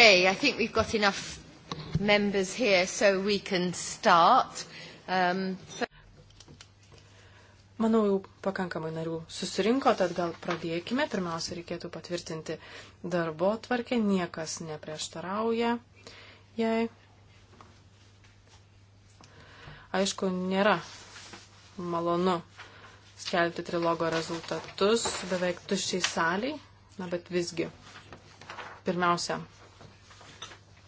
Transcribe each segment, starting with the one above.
Okay, I think we've got enough members here so we can start. Um, for... Manau, jau pakankamai narių susirinko, tad gal pradėkime. Pirmiausia, reikėtų patvirtinti darbo tvarkę. Niekas neprieštarauja jai. Aišku, nėra malonu skelbti trilogo rezultatus beveik tuščiai saliai, na bet visgi. Pirmiausia,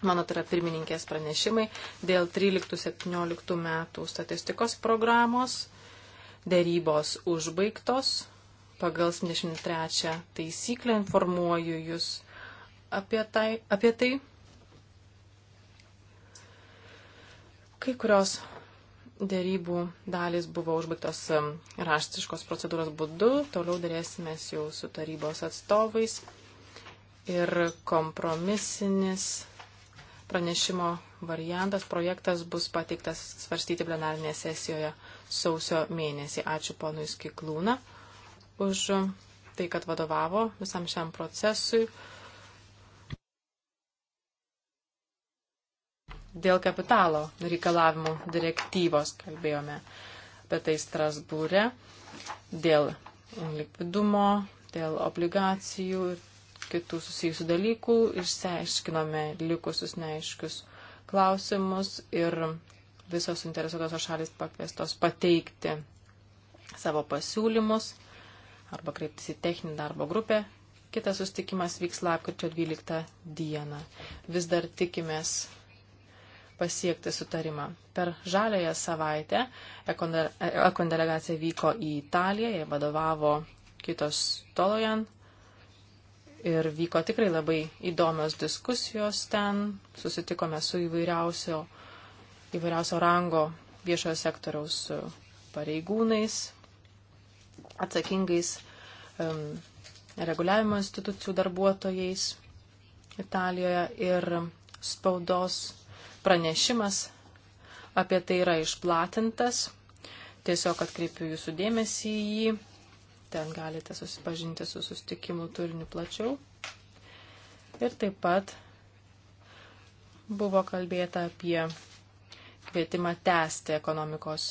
mano tai yra pirmininkės pranešimai dėl 13-17 metų statistikos programos. Dėrybos užbaigtos. Pagal 73 taisyklę informuoju Jūs apie tai. Apie tai. Kai kurios dėrybų dalis buvo užbaigtos raštiškos procedūros būdu, toliau dėrėsimės jau su tarybos atstovais ir kompromisinis Pranešimo variantas, projektas bus pateiktas svarstyti plenarinėje sesijoje sausio mėnesį. Ačiū ponui Skiklūną už tai, kad vadovavo visam šiam procesui. Dėl kapitalo reikalavimų direktyvos kalbėjome apie tai Strasbūrė, dėl likvidumo, dėl obligacijų ir kitų susijusių dalykų, išsiaiškinome likusius neaiškius klausimus ir visos interesuotos šalis pakviestos pateikti savo pasiūlymus arba kreiptis į techninį darbo grupę. Kitas sustikimas vyks lapkričio 12 dieną. Vis dar tikimės pasiekti sutarimą. Per žalėją savaitę e- ekon delegacija vyko į Italiją, jai vadovavo kitos Tolojan Ir vyko tikrai labai įdomios diskusijos ten, susitikome su įvairiausio, įvairiausio rango viešojo sektoriaus e, pareigūnais, atsakingais um, reguliavimo institucijų darbuotojais Italijoje ir spaudos pranešimas apie tai yra išplatintas. Tiesiog atkreipiu jūsų dėmesį į jį Ten galite susipažinti su sustikimų turiniu plačiau. Ir taip pat buvo kalbėta apie kvietimą tęsti ekonomikos,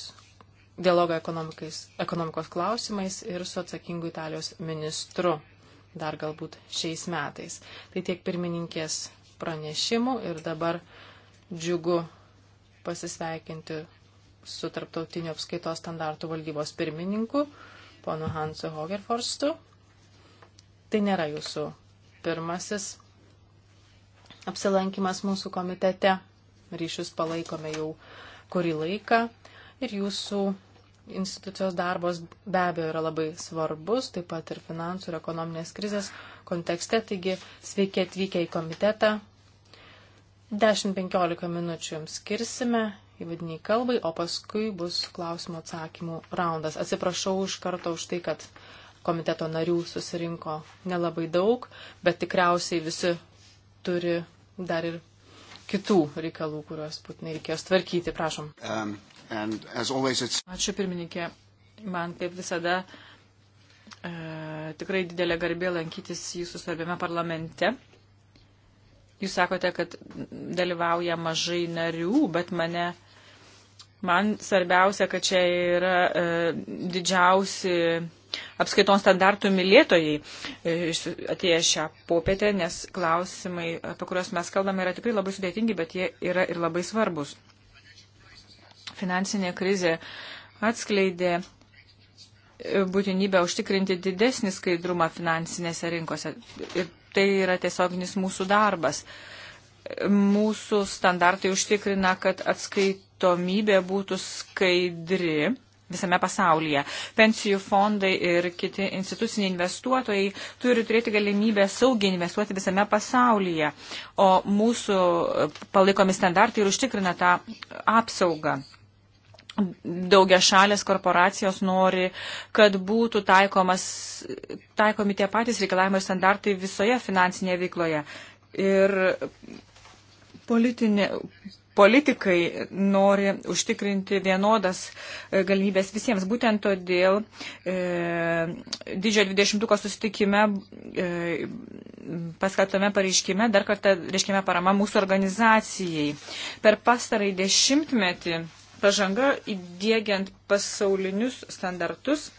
dialogą ekonomikos klausimais ir su atsakingu Italijos ministru dar galbūt šiais metais. Tai tiek pirmininkės pranešimų ir dabar džiugu pasisveikinti su tarptautinio apskaitos standartų valdybos pirmininku ponu Hansu Hogerforstu. Tai nėra jūsų pirmasis apsilankimas mūsų komitete. Ryšius palaikome jau kurį laiką. Ir jūsų institucijos darbas be abejo yra labai svarbus, taip pat ir finansų ir ekonominės krizės kontekste. Taigi sveiki atvykę į komitetą. 10-15 minučių jums skirsime įvadiniai kalbai, o paskui bus klausimų atsakymų raundas. Atsiprašau iš karto už tai, kad komiteto narių susirinko nelabai daug, bet tikriausiai visi turi dar ir kitų reikalų, kuriuos būtinai reikės tvarkyti. Prašom. Um, Ačiū pirmininkė. Man kaip visada e, tikrai didelė garbė lankytis jūsų svarbiame parlamente. Jūs sakote, kad dalyvauja mažai narių, bet mane Man svarbiausia, kad čia yra e, didžiausi apskaitos standartų mylėtojai e, atėję šią popietę, nes klausimai, apie kuriuos mes kalbame, yra tikrai labai sudėtingi, bet jie yra ir labai svarbus. Finansinė krizė atskleidė e, būtinybę užtikrinti didesnį skaidrumą finansinėse rinkose. Ir tai yra tiesioginis mūsų darbas. E, mūsų standartai užtikrina, kad atskaitomybė būtų skaidri visame pasaulyje. Pensijų fondai ir kiti instituciniai investuotojai turi turėti galimybę saugiai investuoti visame pasaulyje, o mūsų palaikomi standartai ir užtikrina tą apsaugą. Daugia šalės korporacijos nori, kad būtų taikomas, taikomi tie patys reikalavimai ir standartai visoje finansinėje veikloje. Ir politinė, politikai nori užtikrinti vienodas e, galimybės visiems. Būtent todėl e, didžiojo 20-ko susitikime e, paskatome pareiškime dar kartą reiškime parama mūsų organizacijai. Per pastarąjį dešimtmetį pažanga įdėgiant pasaulinius standartus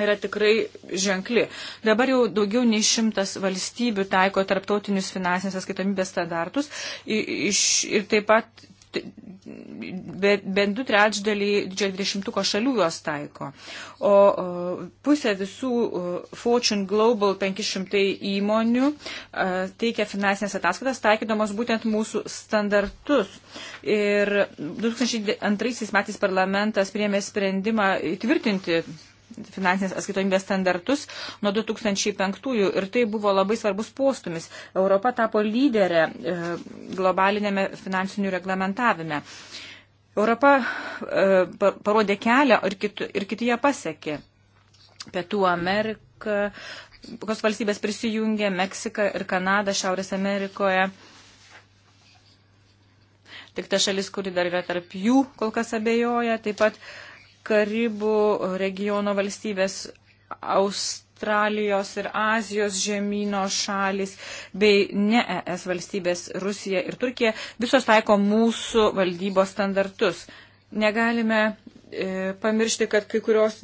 yra tikrai ženkli. Dabar jau daugiau nei šimtas valstybių taiko tarptautinius finansinės atskaitomybės standartus iš, ir taip pat bent du trečdaliai didžiojo dvidešimtuko šalių juos taiko. O pusė visų Fortune Global 500 įmonių teikia finansinės ataskaitas taikydamos būtent mūsų standartus. Ir 2002 metais parlamentas priėmė sprendimą įtvirtinti finansinės atskaitomybės standartus nuo 2005-ųjų ir tai buvo labai svarbus postumis. Europa tapo lyderė e, globalinėme finansinių reglamentavime. Europa e, parodė kelią ir kiti, ir kiti ją pasiekė. Pietų Amerika, kokios valstybės prisijungė, Meksika ir Kanada, Šiaurės Amerikoje. Tik ta šalis, kuri dar yra tarp jų, kol kas abejoja. Taip pat uh, Karibų regiono valstybės, Australijos ir Azijos žemynų šalis bei ne ES valstybės Rusija ir Turkija visos taiko mūsų valdybos standartus. Negalime e, pamiršti, kad kai kurios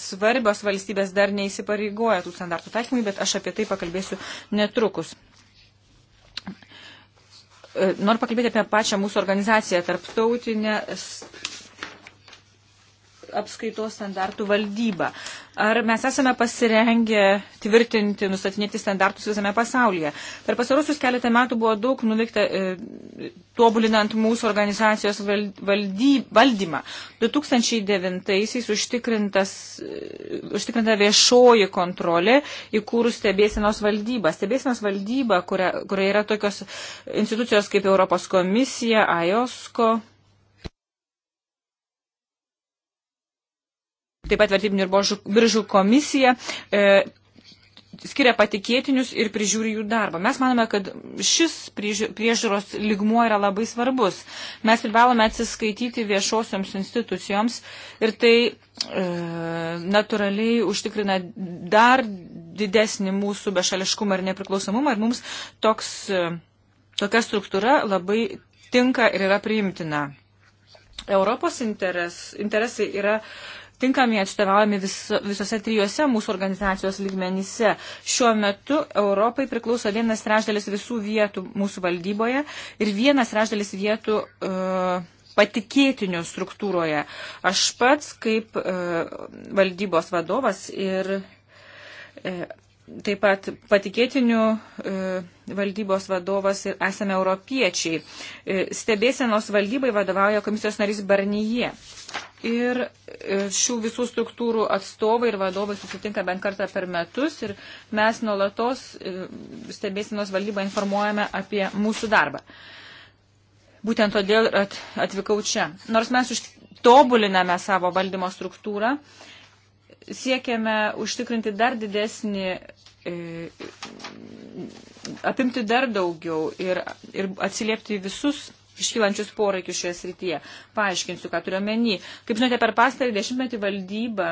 svarbios valstybės dar neįsipareigoja tų standartų taikymui, bet aš apie tai pakalbėsiu netrukus. E, noriu pakalbėti apie pačią mūsų organizaciją, tarptautinę apskaitos standartų valdyba. Ar mes esame pasirengę tvirtinti, nustatinėti standartus visame pasaulyje? Per pasarosius keletą metų buvo daug nuveikta e, tobulinant mūsų organizacijos valdy, valdymą. 2009-aisiais e, užtikrinta viešoji kontrolė įkūrus stebėsienos valdybą. Stebėsienos valdyba, kurioje yra tokios institucijos kaip Europos komisija, AJOSKO taip pat vertybinių ir biržų komisija e, skiria patikėtinius ir prižiūri jų darbą. Mes manome, kad šis priežiūros ligmuo yra labai svarbus. Mes privalome atsiskaityti viešosioms institucijoms ir tai e, natūraliai užtikrina dar didesnį mūsų bešališkumą ir nepriklausomumą ir mums toks, e, tokia struktūra labai tinka ir yra priimtina. Europos interes, interesai yra tinkami atstovaujami vis, visose trijose mūsų organizacijos lygmenyse. Šiuo metu Europai priklauso vienas trešdalis visų vietų mūsų valdyboje ir vienas trešdalis vietų. Uh, e, patikėtinių struktūroje. Aš pats kaip e, uh, valdybos vadovas ir e, uh, taip pat patikėtinių e, valdybos vadovas ir esame europiečiai. E, stebėsenos valdybai vadovauja komisijos narys Barnyje. Ir e, šių visų struktūrų atstovai ir vadovai susitinka bent kartą per metus ir mes nuolatos stebėsenos valdybą informuojame apie mūsų darbą. Būtent todėl atvykau čia. Nors mes tobuliname savo valdymo struktūrą, siekiame užtikrinti dar didesnį E, apimti dar daugiau ir, ir atsiliepti visus iškylančius poreikius šioje srityje. Paaiškinsiu, ką turiu menį. Kaip žinote, per pastarį dešimtmetį valdyba,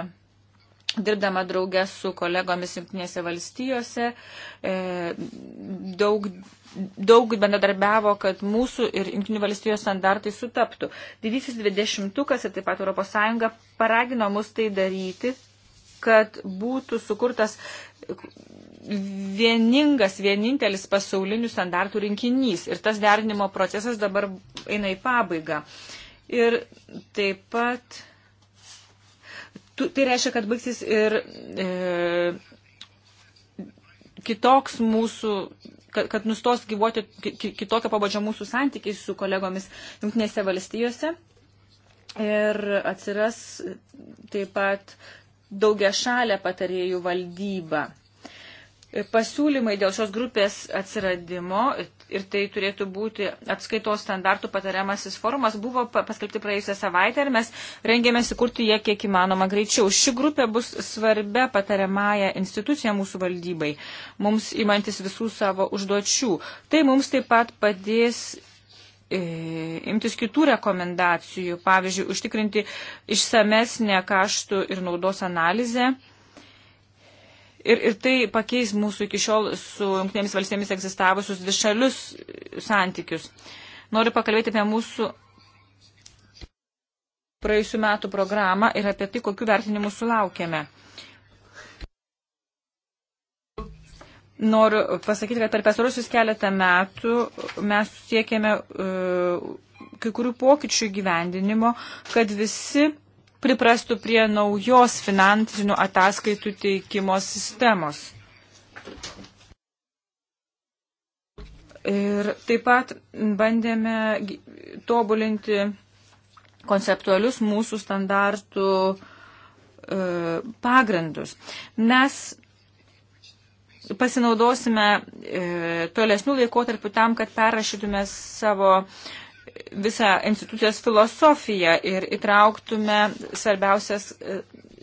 dirbdama draugę su kolegomis Junktinėse valstijose, e, daug, daug bendradarbiavo, kad mūsų ir Junktinių valstijų standartai sutaptų. Didysis dvidešimtukas ir taip pat ES paragino mus tai daryti, kad būtų sukurtas vieningas, vienintelis pasaulinių standartų rinkinys. Ir tas derinimo procesas dabar eina į pabaigą. Ir taip pat. Tai reiškia, kad baigsis ir e, kitoks mūsų, kad, kad nustos gyvuoti kitokio pabodžio mūsų santykiai su kolegomis Junktinėse valstijose. Ir atsiras taip pat daugia šalia patarėjų valdyba pasiūlymai dėl šios grupės atsiradimo ir tai turėtų būti atskaitos standartų patariamasis forumas buvo paskelbti praėjusią savaitę ir mes rengėmės įkurti ją kiek įmanoma greičiau. Ši grupė bus svarbia patariamąją instituciją mūsų valdybai, mums įmantis visų savo užduočių. Tai mums taip pat padės e, imtis kitų rekomendacijų, pavyzdžiui, užtikrinti išsamesnę kaštų ir naudos analizę Ir, ir tai pakeis mūsų iki šiol su jungtinėmis valstybėmis egzistavusius dvišalius santykius. Noriu pakalbėti apie mūsų praėjusių metų programą ir apie tai, kokiu vertinimu sulaukėme. Noriu pasakyti, kad per pasarusius keletą metų mes siekėme uh, kai kurių pokyčių gyvendinimo, kad visi priprastų prie naujos finansinių ataskaitų teikimo sistemos. Ir taip pat bandėme tobulinti konceptualius mūsų standartų e, pagrindus. Mes pasinaudosime e, tolesnių laikotarpių tam, kad perrašytume savo visą institucijos filosofiją ir įtrauktume svarbiausias e,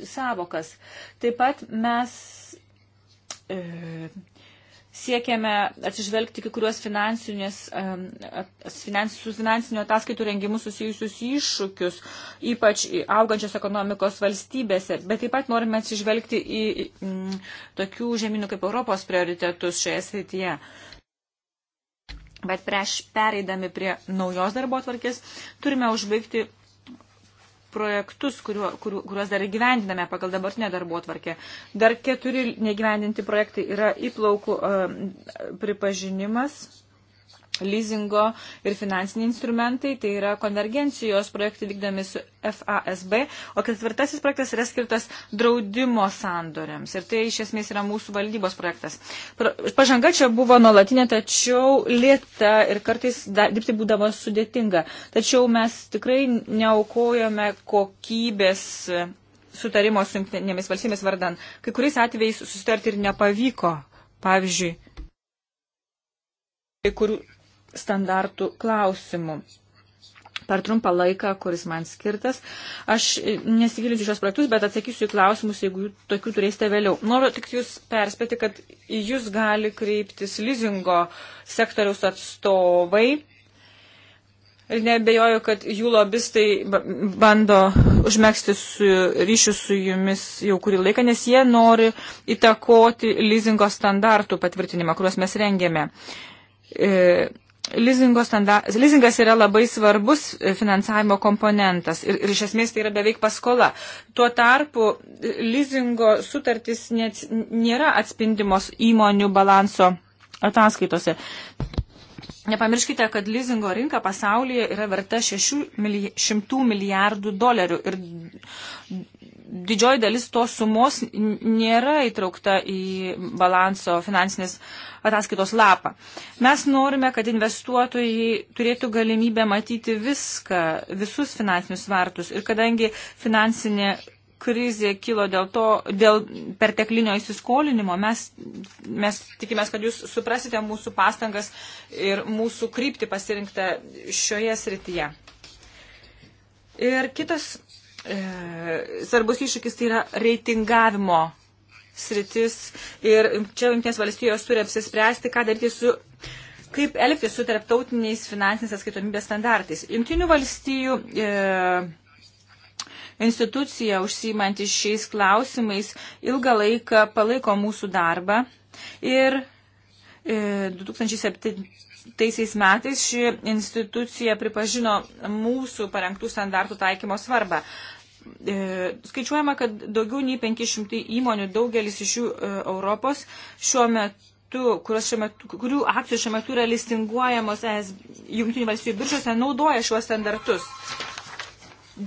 savokas. Taip pat mes e, siekiame atsižvelgti kai kuriuos e, su finansinių ataskaitų rengimus susijusius iššūkius, ypač augančios ekonomikos valstybėse, bet taip pat norime atsižvelgti į tokių žemynų kaip Europos prioritetus šioje srityje. Bet prieš pereidami prie naujos darbo atvarkės turime užbaigti projektus, kuriuo, kuriu, kuriuos dar įgyvendiname pagal dabartinę darbo atvarkę. Dar keturi negyvendinti projektai yra įplaukų e, pripažinimas leasingo ir finansiniai instrumentai, tai yra konvergencijos projektai vykdomi su FASB, o ketvirtasis projektas yra skirtas draudimo sandoriams ir tai iš esmės yra mūsų valdybos projektas. Pažanga čia buvo nuolatinė, tačiau lėta ir kartais dirbti būdavo sudėtinga, tačiau mes tikrai neaukojame kokybės sutarimo su jungtinėmis valstybėmis vardan. Kai kuriais atvejais susitarti ir nepavyko. Pavyzdžiui, kai kurių standartų klausimų. Per trumpą laiką, kuris man skirtas, aš nesigilinsiu šios projektus, bet atsakysiu į klausimus, jeigu tokių turėsite vėliau. Noriu tik jūs perspėti, kad į jūs gali kreiptis lizingo sektoriaus atstovai. Ir nebejoju, kad jų lobistai bando užmėgsti su, ryšius su jumis jau kurį laiką, nes jie nori įtakoti lizingo standartų patvirtinimą, kuriuos mes rengėme. E, standart, lizingas yra labai svarbus e, finansavimo komponentas ir, ir iš esmės tai yra beveik paskola. Tuo tarpu e, lizingo sutartis net nėra atspindimos įmonių balanso ataskaitose. Nepamirškite, kad lizingo rinka pasaulyje yra verta 600 milijardų dolerių ir didžioji dalis tos sumos nėra įtraukta į balanso finansinės uh, ataskaitos lapą. Mes norime, kad investuotojai turėtų galimybę matyti viską, visus finansinius vartus. Ir kadangi finansinė krizė kilo dėl to, dėl perteklinio įsiskolinimo, mes, mes tikimės, kad jūs suprasite mūsų pastangas ir mūsų kryptį pasirinktą šioje srityje. Ir kitas e, svarbus iššūkis tai yra reitingavimo sritis ir čia jungtinės valstijos turi apsispręsti, ką daryti su kaip elgtis su tarptautiniais finansinės atskaitomybės standartais. Jungtinių valstijų e, institucija užsimanti šiais klausimais ilgą laiką palaiko mūsų darbą ir e, 2007 metais ši institucija pripažino mūsų parengtų standartų taikymo svarbą. E, skaičiuojama, kad daugiau nei 500 įmonių, daugelis iš jų e, Europos, šiuo metu, šiuo metu kurių akcijų šiuo metu yra listinguojamos ES jungtinių valstybių biržose, naudoja šiuos standartus.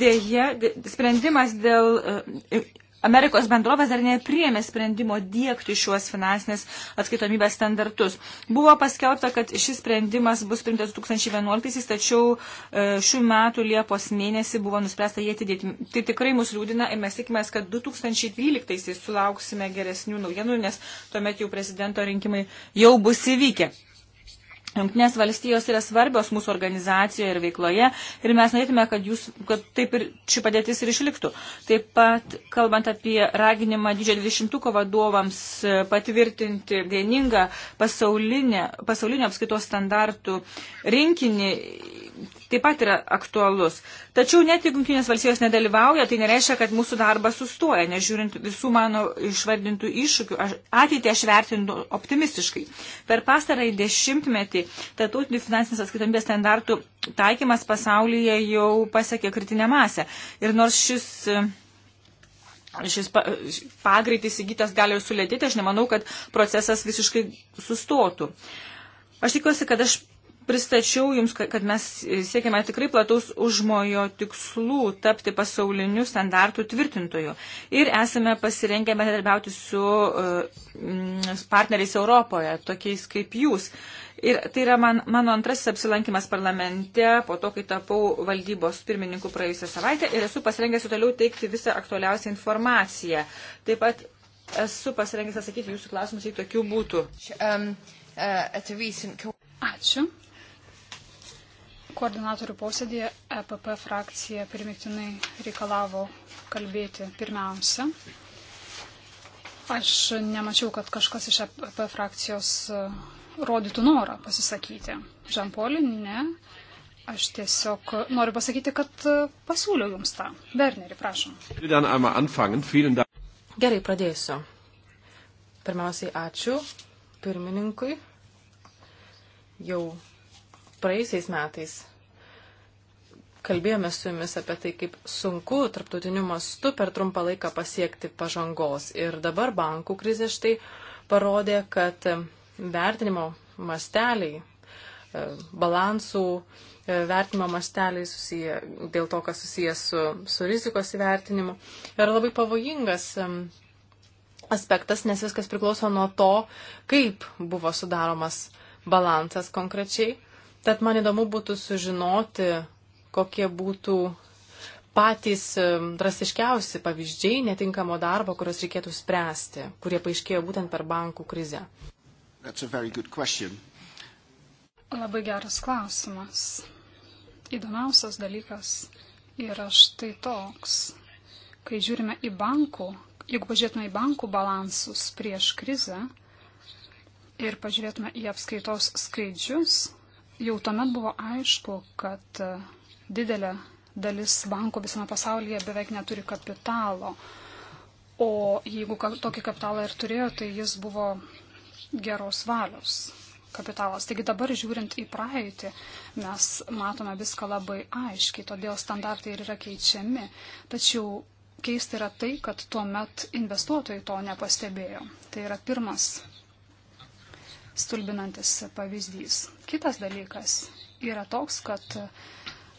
Deja, sprendimas dėl e, Amerikos bendrovės dar nepriėmė sprendimo dėkti šiuos finansinės atskaitomybės standartus. Buvo paskelbta, kad šis sprendimas bus priimtas 2011, tačiau e, šių metų Liepos mėnesį buvo nuspręsta jį atidėti. Tai tikrai mus liūdina ir mes tikimės, kad 2012 sulauksime geresnių naujienų, nes tuomet jau prezidento rinkimai jau bus įvykę. Junktinės valstijos yra svarbios mūsų organizacijoje ir veikloje ir mes norėtume, kad, jūs, kad taip ir ši padėtis ir išliktų. Taip pat, kalbant apie raginimą didžiojo 20-ko vadovams e, patvirtinti vieningą pasaulinio apskaitos standartų rinkinį, taip pat yra aktualus. Tačiau net jeigu Junktinės valstijos nedalyvauja, tai nereiškia, kad mūsų darbas sustoja, nežiūrint visų mano išvardintų iššūkių. Aš ateitį aš vertinu optimistiškai. Per pastarąjį dešimtmetį tarptautinių finansinės atskaitomybės standartų taikymas pasaulyje jau pasiekė kritinę masę. Ir nors šis šis pagreitis įgytas gali ir sulėtėti, aš nemanau, kad procesas visiškai sustotų. Aš tikiuosi, kad aš pristačiau Jums, kad mes siekiame tikrai plataus užmojo tikslų tapti pasauliniu standartų tvirtintoju. Ir esame pasirengę bendradarbiauti su e, partneriais Europoje, tokiais kaip Jūs. Ir tai yra man, mano antrasis apsilankimas parlamente po to, kai tapau valdybos pirmininku praėjusią savaitę ir esu pasirengęs toliau teikti visą aktualiausią informaciją. Taip pat esu pasirengęs atsakyti jūsų klausimus, jei tokių būtų. E, Ačiū. Koordinatorių posėdėje EPP frakcija primiktinai reikalavo kalbėti pirmiausia. Aš nemačiau, kad kažkas iš EPP frakcijos e, rodytų norą pasisakyti. Žampolį, ne. Aš tiesiog noriu pasakyti, kad e, pasiūliau jums tą. Berneri, prašom. Gerai, pradėsiu. Pirmiausiai ačiū pirmininkui. Jau praeisiais metais kalbėjome su jumis apie tai, kaip sunku tarptautiniu mastu per trumpą laiką pasiekti pažangos. Ir dabar bankų krizė štai parodė, kad vertinimo masteliai, e, balansų e, vertinimo masteliai susiję, dėl to, kas susijęs su, su rizikos įvertinimu, yra labai pavojingas e, aspektas, nes viskas priklauso nuo to, kaip buvo sudaromas balansas konkrečiai Tad man įdomu būtų sužinoti, kokie būtų patys drastiškiausi pavyzdžiai netinkamo darbo, kuriuos reikėtų spręsti, kurie paaiškėjo būtent per bankų krizę. Labai geras klausimas. Įdomiausias dalykas yra štai toks. Kai žiūrime į bankų, jeigu pažiūrėtume į bankų balansus prieš krizę ir pažiūrėtume į apskaitos skaičius, Jau tuomet buvo aišku, kad didelė dalis bankų visame pasaulyje beveik neturi kapitalo. O jeigu tokį kapitalą ir turėjo, tai jis buvo geros valios kapitalas. Taigi dabar žiūrint į praeitį, mes matome viską labai aiškiai, todėl standartai ir yra keičiami. Tačiau keista yra tai, kad tuo met investuotojai to nepastebėjo. Tai yra pirmas stulbinantis pavyzdys. Kitas dalykas yra toks, kad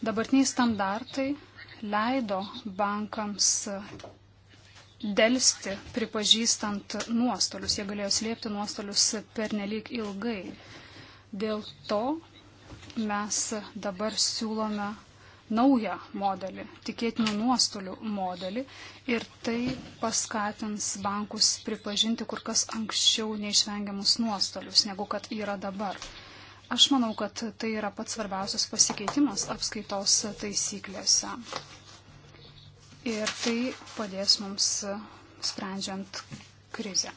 dabartiniai standartai leido bankams dėlsti pripažįstant nuostolius. Jie galėjo slėpti nuostolius per nelik ilgai. Dėl to mes dabar siūlome naują modelį, tikėtinų nuostolių modelį ir tai paskatins bankus pripažinti kur kas anksčiau neišvengiamus nuostolius, negu kad yra dabar. Aš manau, kad tai yra pats svarbiausias pasikeitimas apskaitos taisyklėse. Ir tai padės mums sprendžiant krizę.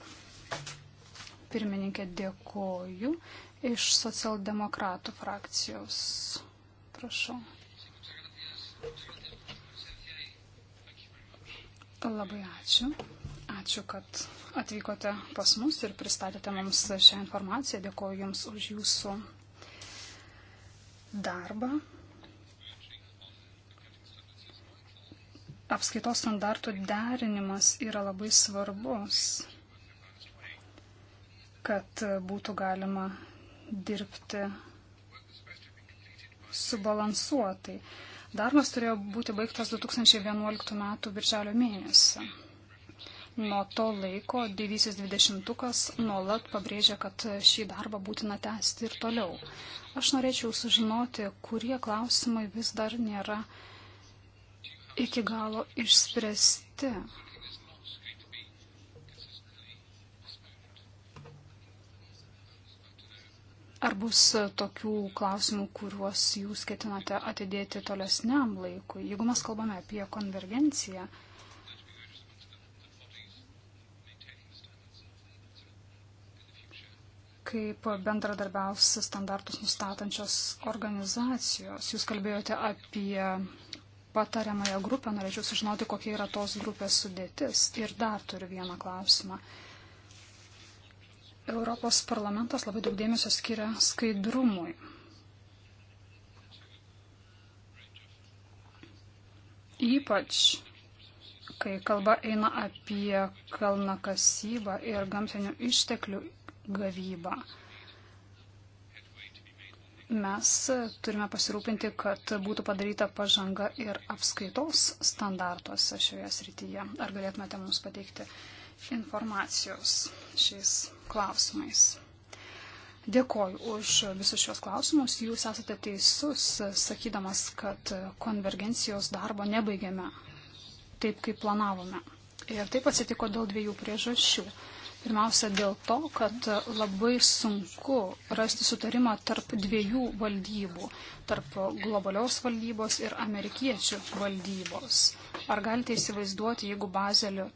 Pirmininkė, dėkoju iš socialdemokratų frakcijos. Prašau. Labai ačiū. Ačiū, kad atvykote pas mus ir pristatėte mums šią informaciją. Dėkuoju Jums už Jūsų darbą. Apskaitos standartų derinimas yra labai svarbus, kad būtų galima dirbti subalansuotai. Darbas turėjo būti baigtas 2011 m. birželio mėnesį. Nuo to laiko didysis dvidešimtukas nuolat pabrėžia, kad šį darbą būtina tęsti ir toliau. Aš norėčiau sužinoti, kurie klausimai vis dar nėra iki galo išspręsti. Ar bus tokių klausimų, kuriuos jūs ketinate atidėti tolesniam laikui? Jeigu mes kalbame apie konvergenciją, kaip bendradarbiaus standartus nustatančios organizacijos, jūs kalbėjote apie patariamąją grupę, norėčiau sužinoti, kokia yra tos grupės sudėtis. Ir dar turiu vieną klausimą. Europos parlamentas labai daug dėmesio skiria skaidrumui. Ypač, kai kalba eina apie kalnakasybą ir gamtinių išteklių gavybą mes turime pasirūpinti, kad būtų padaryta pažanga ir apskaitos standartuose šioje srityje. Ar galėtumėte mums pateikti informacijos šiais klausimais. Dėkoju už visus šios klausimus. Jūs esate teisus, sakydamas, kad konvergencijos darbo nebaigėme taip, kaip planavome. Ir taip atsitiko dėl dviejų priežasčių. Pirmiausia, dėl to, kad labai sunku rasti sutarimą tarp dviejų valdybų - tarp globalios valdybos ir amerikiečių valdybos. Ar galite įsivaizduoti, jeigu Bazelio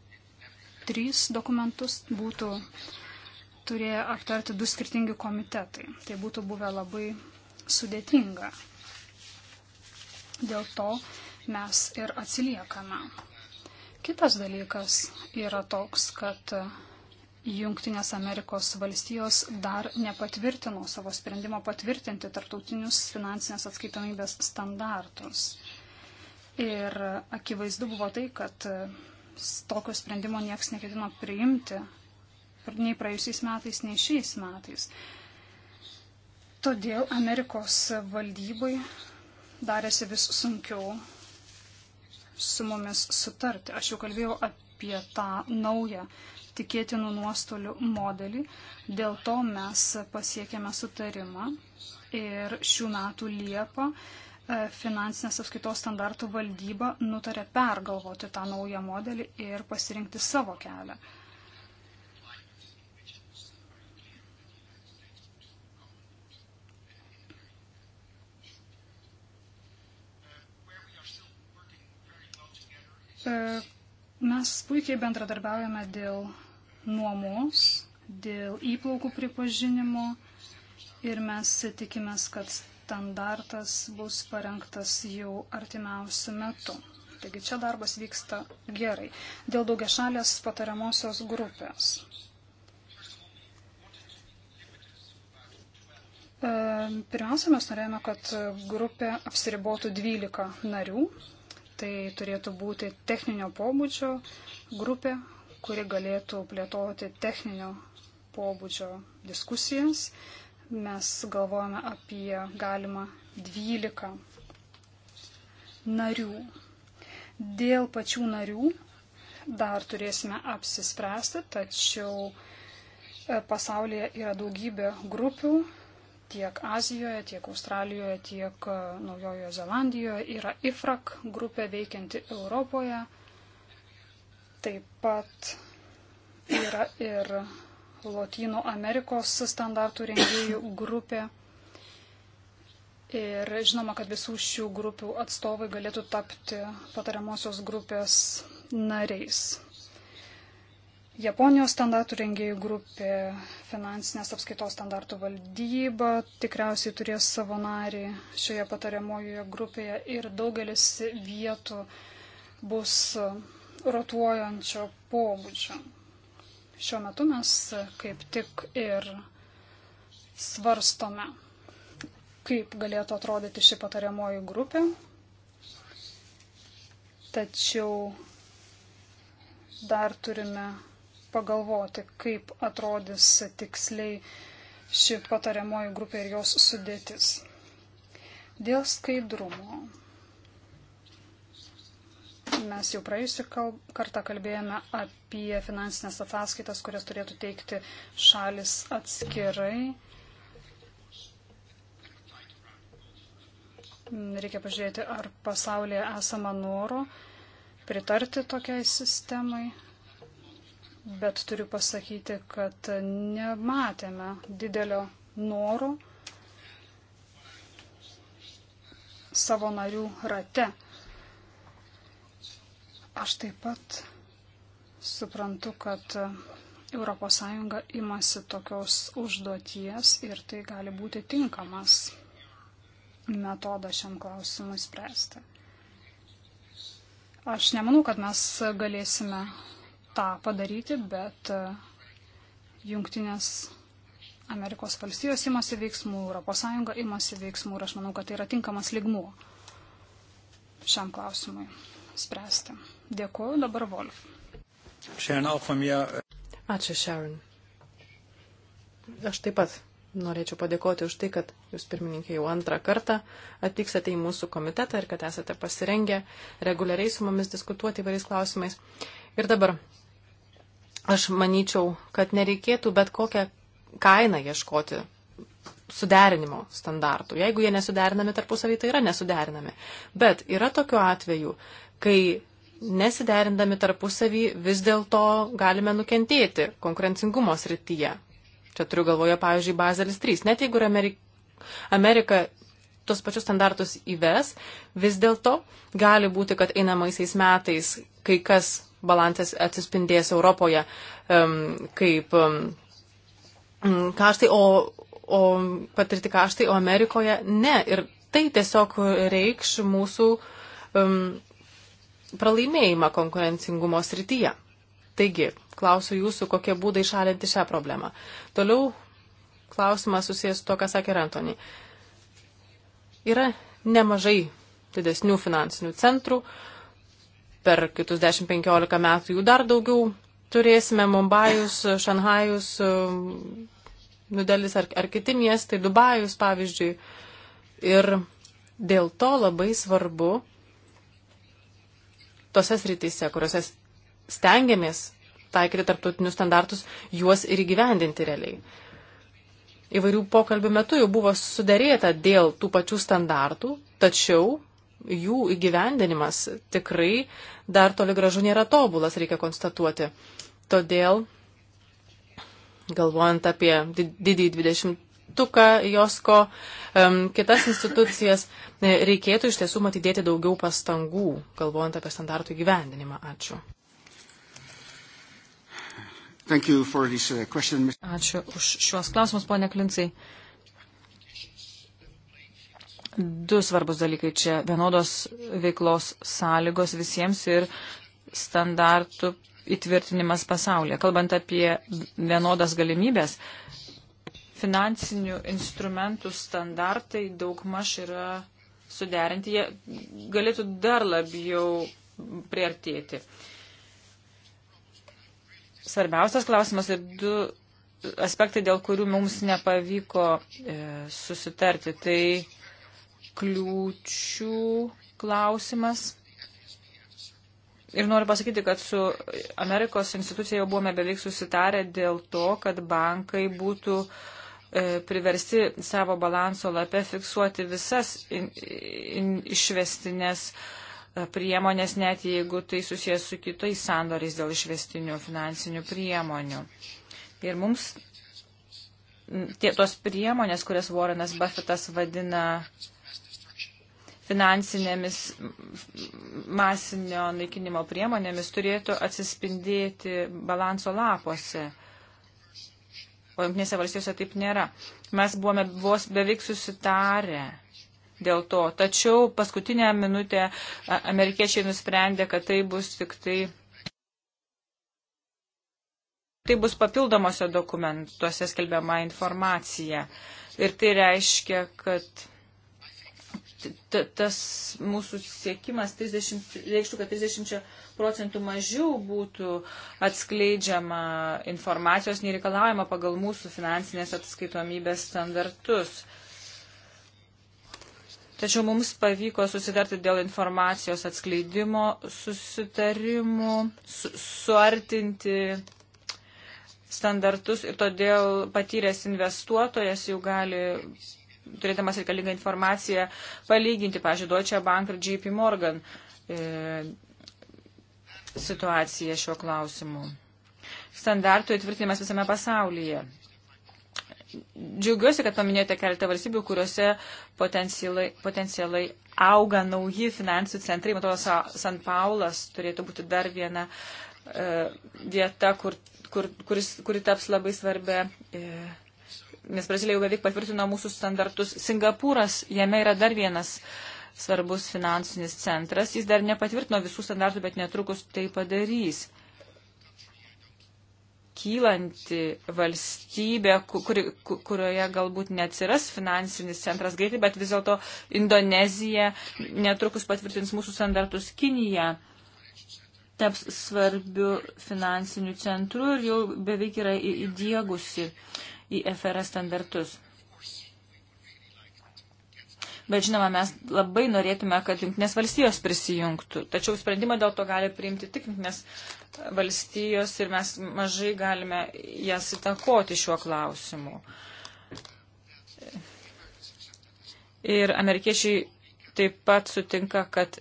tris dokumentus būtų turėję aptarti du skirtingi komitetai. Tai būtų buvę labai sudėtinga. Dėl to mes ir atsiliekame. Kitas dalykas yra toks, kad Junktinės Amerikos valstijos dar nepatvirtino savo sprendimo patvirtinti tarptautinius finansinės atskaitomybės standartus. Ir akivaizdu buvo tai, kad tokio sprendimo nieks neketino priimti nei praėjusiais metais, nei šiais metais. Todėl Amerikos valdybai darėsi vis sunkiau su mumis sutarti. Aš jau kalbėjau apie tą naują tikėtinų nuostolių modelį. Dėl to mes pasiekėme sutarimą ir šių metų Liepą E, finansinės apskaitos standartų valdyba nutarė pergalvoti tą naują modelį ir pasirinkti savo kelią. E, mes puikiai bendradarbiaujame dėl nuomos, dėl įplaukų pripažinimo ir mes tikimės, kad standartas bus parengtas jau artimiausių metų. Taigi čia darbas vyksta gerai. Dėl daugiašalės patariamosios grupės. E, pirmiausia, mes norėjome, kad grupė apsiribotų 12 narių. Tai turėtų būti techninio pobūdžio grupė, kuri galėtų plėtoti techninio pobūdžio diskusijas. Mes galvojame apie galimą 12 narių. Dėl pačių narių dar turėsime apsispręsti, tačiau e, pasaulyje yra daugybė grupių, tiek Azijoje, tiek Australijoje, tiek e, Naujojoje Zelandijoje, yra IFRAK grupė veikianti Europoje, taip pat yra ir Lotynų Amerikos standartų rengėjų grupė. Ir žinoma, kad visų šių grupių atstovai galėtų tapti patariamosios grupės nariais. Japonijos standartų rengėjų grupė, finansinės apskaitos standartų valdyba tikriausiai turės savo narį šioje patariamojoje grupėje ir daugelis vietų bus rotuojančio pobūdžio. Šiuo metu mes kaip tik ir svarstome, kaip galėtų atrodyti ši patariamoji grupė. Tačiau dar turime pagalvoti, kaip atrodys tiksliai ši patariamoji grupė ir jos sudėtis. Dėl skaidrumo Mes jau praėjusią kartą kalbėjome apie finansinės ataskaitas, kurias turėtų teikti šalis atskirai. Reikia pažiūrėti, ar pasaulyje esama noro pritarti tokiai sistemai, bet turiu pasakyti, kad nematėme didelio noro savo narių rate Aš taip pat suprantu, kad ES imasi tokios užduoties ir tai gali būti tinkamas metodas šiam klausimui spręsti. Aš nemanau, kad mes galėsime tą padaryti, bet e, Junktinės Amerikos valstijos imasi veiksmų, ES imasi veiksmų ir aš manau, kad tai yra tinkamas ligmuo šiam klausimui spręsti. Dėkuoju dabar Wolf. Ačiū, Sharon. Aš taip pat norėčiau padėkoti už tai, kad jūs pirmininkai jau antrą kartą atvyksate į mūsų komitetą ir kad esate pasirengę reguliariai su mumis diskutuoti įvairiais klausimais. Ir dabar aš manyčiau, kad nereikėtų bet kokią kainą ieškoti suderinimo standartų. Jeigu jie nesuderinami tarpusavį, tai yra nesuderinami. Bet yra tokių atvejų, kai nesiderindami tarpusavį vis dėlto galime nukentėti konkurencingumo srityje. Čia turiu galvoje, pavyzdžiui, Bazelis 3. Net jeigu Amerika, Amerika tos pačius standartus įves, vis dėlto gali būti, kad einamaisiais metais kai kas balansas atsispindės Europoje um, kaip um, kaštai, o, o patirti kaštai, o Amerikoje ne. Ir tai tiesiog reikš mūsų um, pralaimėjimą konkurencingumo srityje. Taigi, klausiu jūsų, kokie būdai šalinti šią problemą. Toliau klausimas susijęs su to, ką sakė Antony. Yra nemažai didesnių finansinių centrų, per kitus 10-15 metų jų dar daugiau turėsime Mumbajus, Šanhajus, Nudelis ar, ar kiti miestai, Dubajus pavyzdžiui. Ir dėl to labai svarbu tose srityse, kuriuose stengiamės taikyti tarptautinius standartus, juos ir įgyvendinti realiai. Įvairių pokalbių metu jau buvo sudarėta dėl tų pačių standartų, tačiau jų įgyvendinimas tikrai dar toli gražu nėra tobulas, reikia konstatuoti. Todėl, galvojant apie didįjį 20 tuką, josko, kitas institucijas, reikėtų iš tiesų matydėti daugiau pastangų, galvojant apie standartų įgyvendinimą. Ačiū. Uh, Ačiū už šiuos klausimus, ponė Klincai. Du svarbus dalykai čia - vienodos veiklos sąlygos visiems ir standartų įtvirtinimas pasaulyje. Kalbant apie vienodas galimybės, finansinių instrumentų standartai daugmaž yra suderinti, jie galėtų dar labiau priartėti. Svarbiausias klausimas ir du aspektai, dėl kurių mums nepavyko e, susitarti, tai kliūčių klausimas. Ir noriu pasakyti, kad su Amerikos institucija jau buvome beveik susitarę dėl to, kad bankai būtų e, E, priversti savo balanso lape fiksuoti visas išvestinės e, priemonės, net jeigu tai susijęs su kitais sandoriais dėl išvestinių finansinių priemonių. Ir mums tie, tos priemonės, kurias Warrenas Buffettas vadina finansinėmis masinio naikinimo priemonėmis, turėtų atsispindėti balanso lapuose o Junktinėse valstijose taip nėra. Mes buvome vos beveik susitarę dėl to. Tačiau paskutinę minutę amerikiečiai nusprendė, kad tai bus tik tai. Tai bus papildomose dokumentuose skelbiama informacija. Ir tai reiškia, kad tas mūsų siekimas 30, reikštų, kad 30 procentų mažiau būtų atskleidžiama informacijos nereikalaujama pagal mūsų finansinės atskaitomybės standartus. Tačiau mums pavyko susidarti dėl informacijos atskleidimo susitarimų, su, suartinti standartus ir todėl patyręs investuotojas jau gali turėdamas reikalingą informaciją, palyginti, pažiūrėjau, Deutsche Bank ir JP Morgan e, situaciją šiuo klausimu. Standartų įtvirtinimas visame pasaulyje. Džiaugiuosi, kad paminėjote keletą valstybių, kuriuose potencialai, potencialai auga nauji finansų centrai. Matau, San Paulas turėtų būti dar viena e, vieta, kur, kur, kuris, kuri taps labai svarbia e, nes Brazilija jau beveik patvirtino mūsų standartus. Singapūras, jame yra dar vienas svarbus finansinis centras. Jis dar nepatvirtino visų standartų, bet netrukus tai padarys. Kylanti valstybė, kuri, kurioje galbūt neatsiras finansinis centras greitai, bet vis dėlto Indonezija netrukus patvirtins mūsų standartus Kinija taps svarbiu finansiniu centru ir jau beveik yra įdiegusi į FRS standartus. Bet žinoma, mes labai norėtume, kad jungtinės valstijos prisijungtų. Tačiau sprendimą dėl to gali priimti tik jungtinės valstijos ir mes mažai galime jas įtakoti šiuo klausimu. Ir amerikiečiai taip pat sutinka, kad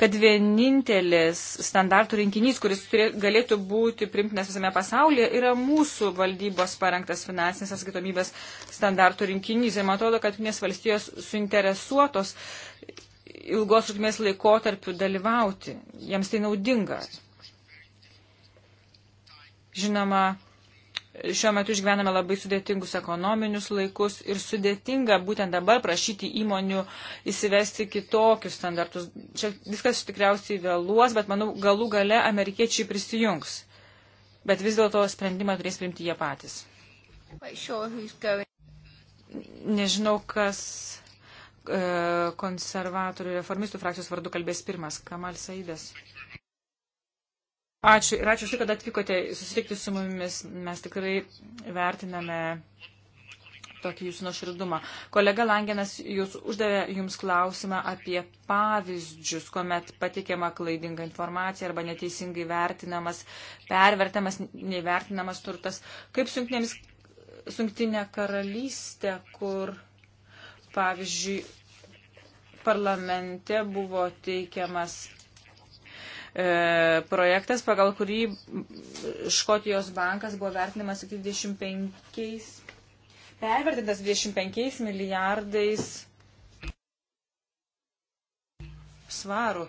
kad vienintelis standartų rinkinys, kuris turė, galėtų būti primtinas visame pasaulyje, yra mūsų valdybos parengtas finansinės atskaitomybės standartų rinkinys. Ir man atrodo, kad jungtinės valstijos suinteresuotos ilgos trukmės laikotarpių dalyvauti. Jiems tai naudinga. Žinoma, šiuo metu išgyvename labai sudėtingus ekonominius laikus ir sudėtinga būtent dabar prašyti įmonių įsivesti kitokius standartus. Čia viskas tikriausiai vėluos, bet manau, galų gale amerikiečiai prisijungs. Bet vis dėlto sprendimą turės priimti jie patys. Nežinau, kas e, konservatorių reformistų frakcijos vardu kalbės pirmas. Kamal Saidas. Ačiū ir ačiū už tai, kad atvykote susitikti su mumis. Mes tikrai vertiname tokį jūsų nuoširdumą. Kolega Langenas jūs uždavė jums klausimą apie pavyzdžius, kuomet patikiama klaidinga informacija arba neteisingai vertinamas, pervertinamas, nevertinamas turtas. Kaip sunktinė karalystė, kur, pavyzdžiui, parlamente buvo teikiamas E, projektas, pagal kurį Škotijos bankas buvo vertinamas 25, pervertintas 25 milijardais svarų.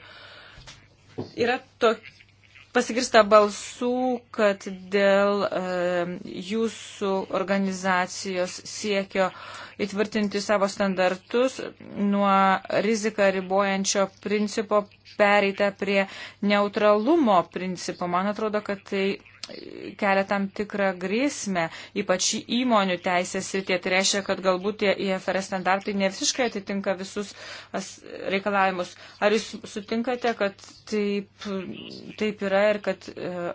Yra tokia pasigirsta balsų, kad dėl e, jūsų organizacijos siekio įtvirtinti savo standartus nuo riziką ribojančio principo pereita prie neutralumo principo. Man atrodo, kad tai kelia tam tikrą grėsmę, ypač įmonių teisės srityje. Tai reiškia, kad galbūt tie IFRS standartai ne visiškai atitinka visus reikalavimus. Ar jūs sutinkate, kad taip, taip yra ir kad e,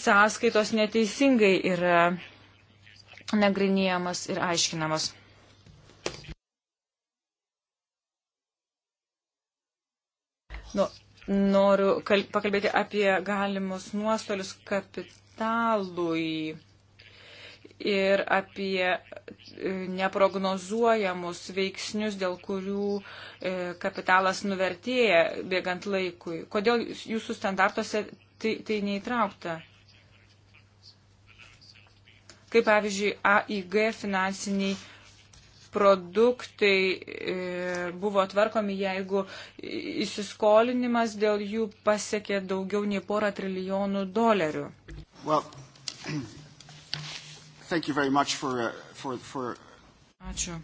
sąskaitos neteisingai yra nagrinėjamas ir aiškinamas? Nu, noriu pakalbėti apie galimus nuostolius kapitalui ir apie e, neprognozuojamus veiksnius, dėl kurių e, kapitalas nuvertėja bėgant laikui. Kodėl jūsų standartuose tai, tai neįtraukta? Kaip pavyzdžiui, AIG finansiniai produktai e, buvo tvarkomi, jeigu įsiskolinimas dėl jų pasiekė daugiau nei porą trilijonų dolerių. Well, for, uh, for, for... Ačiū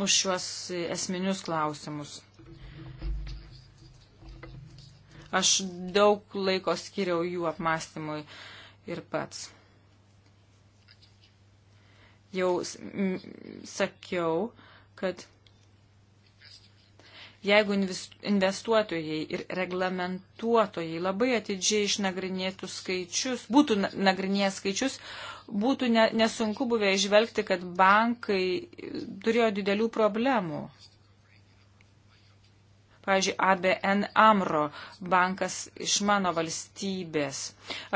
už šiuos esminius klausimus. Aš daug laiko skiriau jų apmąstymui ir pats jau sakiau, kad jeigu investuotojai ir reglamentuotojai labai atidžiai išnagrinėtų skaičius, būtų nagrinėję skaičius, būtų ne, nesunku buvę išvelgti, kad bankai turėjo didelių problemų. Pavyzdžiui, ABN Amro bankas iš mano valstybės.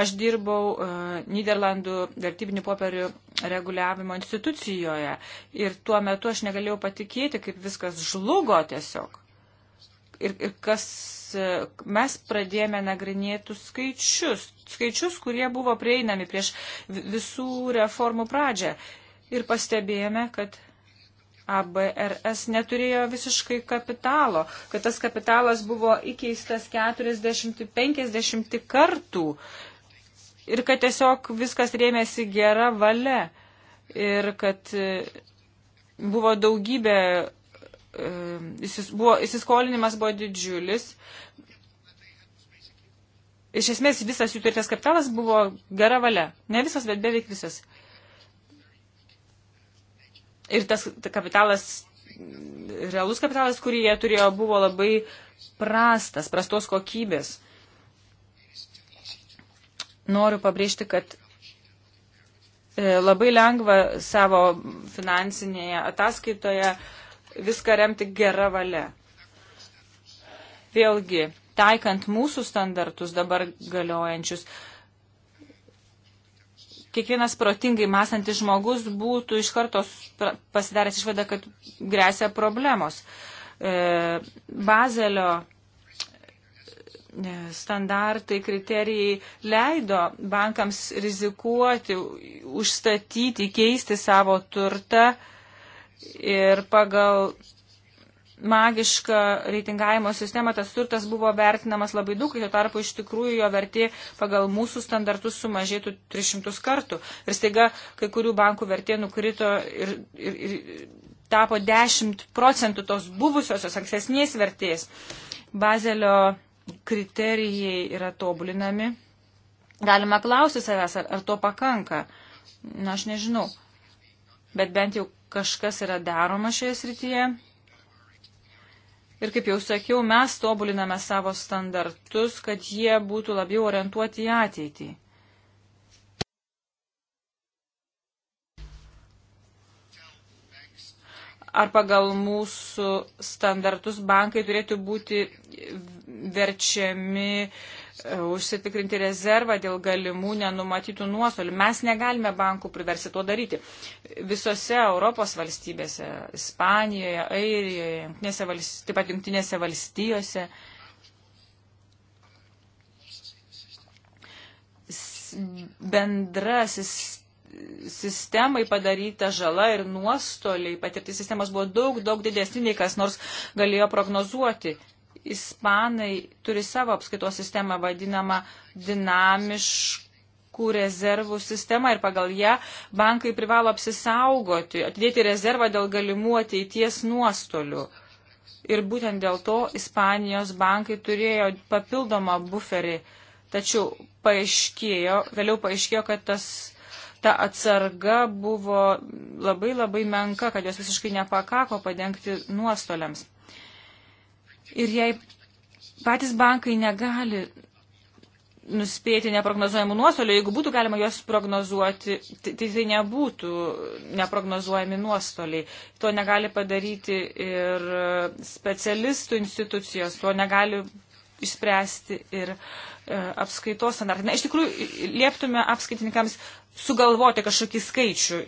Aš dirbau uh, Niderlandų vertybinių popierių reguliavimo institucijoje. Ir tuo metu aš negalėjau patikėti, kaip viskas žlugo tiesiog. Ir, ir kas e, mes pradėjome nagrinėti skaičius, skaičius, kurie buvo prieinami prieš visų reformų pradžią. Ir pastebėjome, kad ABRS neturėjo visiškai kapitalo, kad tas kapitalas buvo įkeistas 40-50 kartų ir kad tiesiog viskas rėmėsi gera valia ir kad e, buvo daugybė, e, buvo, įsiskolinimas buvo didžiulis. Iš esmės visas jų turtės kapitalas buvo gera valia. Ne visas, bet beveik visas. Ir tas kapitalas, realus kapitalas, kurį jie turėjo, buvo labai prastas, prastos kokybės noriu pabrėžti, kad e, labai lengva savo finansinėje ataskaitoje viską remti gerą valią. Vėlgi, taikant mūsų standartus dabar galiojančius, kiekvienas protingai mąstantis žmogus būtų iš karto pasidaręs išvadą, kad grėsia problemos. E, Bazelio E, standartai, kriterijai leido bankams rizikuoti, užstatyti, keisti savo turtą ir pagal magišką reitingavimo sistemą tas turtas buvo vertinamas labai daug, jo tarpu iš tikrųjų jo vertė pagal mūsų standartus sumažėtų 300 kartų. Ir staiga kai kurių bankų vertė nukrito ir, ir, ir tapo 10 procentų tos buvusiosios ankstesnės vertės. Bazelio kriterijai yra tobulinami, galima klausti savęs, ar, ar to pakanka. Na, aš nežinau. Bet bent jau kažkas yra daroma šioje srityje. Ir kaip jau sakiau, mes tobuliname savo standartus, kad jie būtų labiau orientuoti į ateitį. ar pagal mūsų standartus bankai turėtų būti verčiami e, užsitikrinti rezervą dėl galimų nenumatytų nuostolių. Mes negalime bankų priversi to daryti. Visose Europos valstybėse, Ispanijoje, Airijoje, valst... taip pat Junktinėse valstijose, bendra sistema sistemai padaryta žala ir nuostoliai patirti sistemas buvo daug, daug didesni, nei kas nors galėjo prognozuoti. Ispanai turi savo apskaitos sistemą vadinamą dinamiškų rezervų sistemą ir pagal ją bankai privalo apsisaugoti, atidėti rezervą dėl galimų ateities nuostolių. Ir būtent dėl to Ispanijos bankai turėjo papildomą buferį, tačiau paaiškėjo, vėliau paaiškėjo, kad tas ta atsarga buvo labai labai menka, kad jos visiškai nepakako padengti nuostoliams. Ir jei patys bankai negali nuspėti neprognozuojamų nuostolių, jeigu būtų galima juos prognozuoti, tai tai, tai nebūtų neprognozuojami nuostoliai. To negali padaryti ir specialistų institucijos, to negali išspręsti ir e, apskaitos standartai. Na, iš tikrųjų, lieptume apskaitininkams sugalvoti kažkokį skaičių.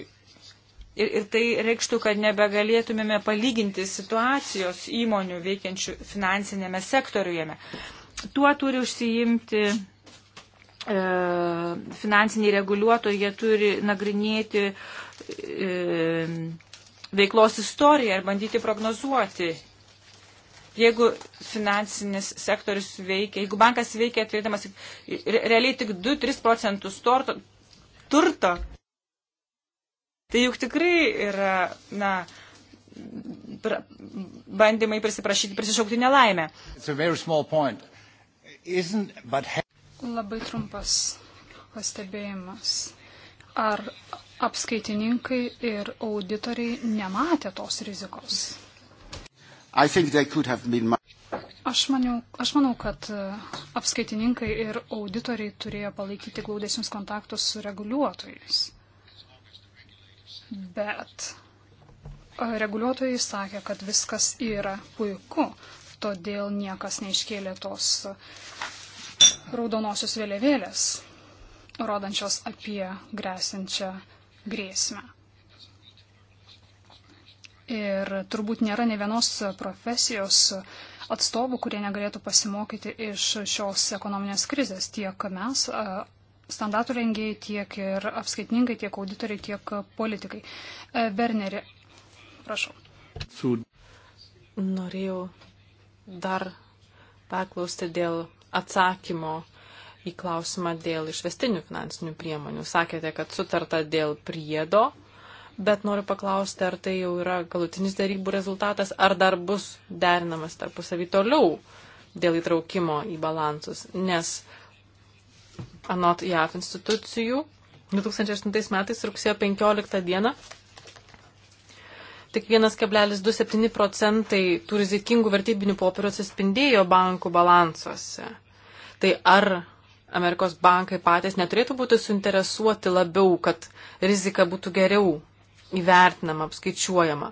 Ir, ir tai reikštų, kad nebegalėtumėme palyginti situacijos įmonių veikiančių finansinėme sektoriuje. Tuo turi užsiimti e, finansiniai reguliuotojai, jie turi nagrinėti e, veiklos istoriją ir bandyti prognozuoti Jeigu finansinis sektorius veikia, jeigu bankas veikia turėdamas realiai tik 2-3 procentus torto, turto, tai juk tikrai yra, na, pra, bandymai prisiprašyti, prisišaukti nelaimę. But... Labai trumpas pastebėjimas. Ar apskaitininkai ir auditoriai nematė tos rizikos? Been... Aš, maniau, aš manau, kad e, apskaitininkai ir auditoriai turėjo palaikyti glaudesnius kontaktus su reguliuotojais. Bet e, reguliuotojai sakė, kad viskas yra puiku, todėl niekas neiškėlė tos e, raudonosios vėliavėlės, rodančios apie grėsinčią grėsmę. Ir turbūt nėra ne vienos profesijos atstovų, kurie negalėtų pasimokyti iš šios ekonominės krizės. Tiek mes, standartų rengėjai, tiek ir apskaitninkai, tiek auditoriai, tiek politikai. E, Berneri, prašau. Norėjau dar paklausti dėl atsakymo į klausimą dėl išvestinių finansinių priemonių. Sakėte, kad sutarta dėl priedo bet noriu paklausti, ar tai jau yra galutinis darybų rezultatas, ar dar bus derinamas tarpusavį toliau dėl įtraukimo į balansus, nes anot JAF institucijų 2008 metais rugsėjo 15 dieną tik 1,27 procentai tų rizikingų vertybinių popierių atsispindėjo bankų balansuose. Tai ar Amerikos bankai patys neturėtų būti suinteresuoti labiau, kad rizika būtų geriau įvertinama, apskaičiuojama.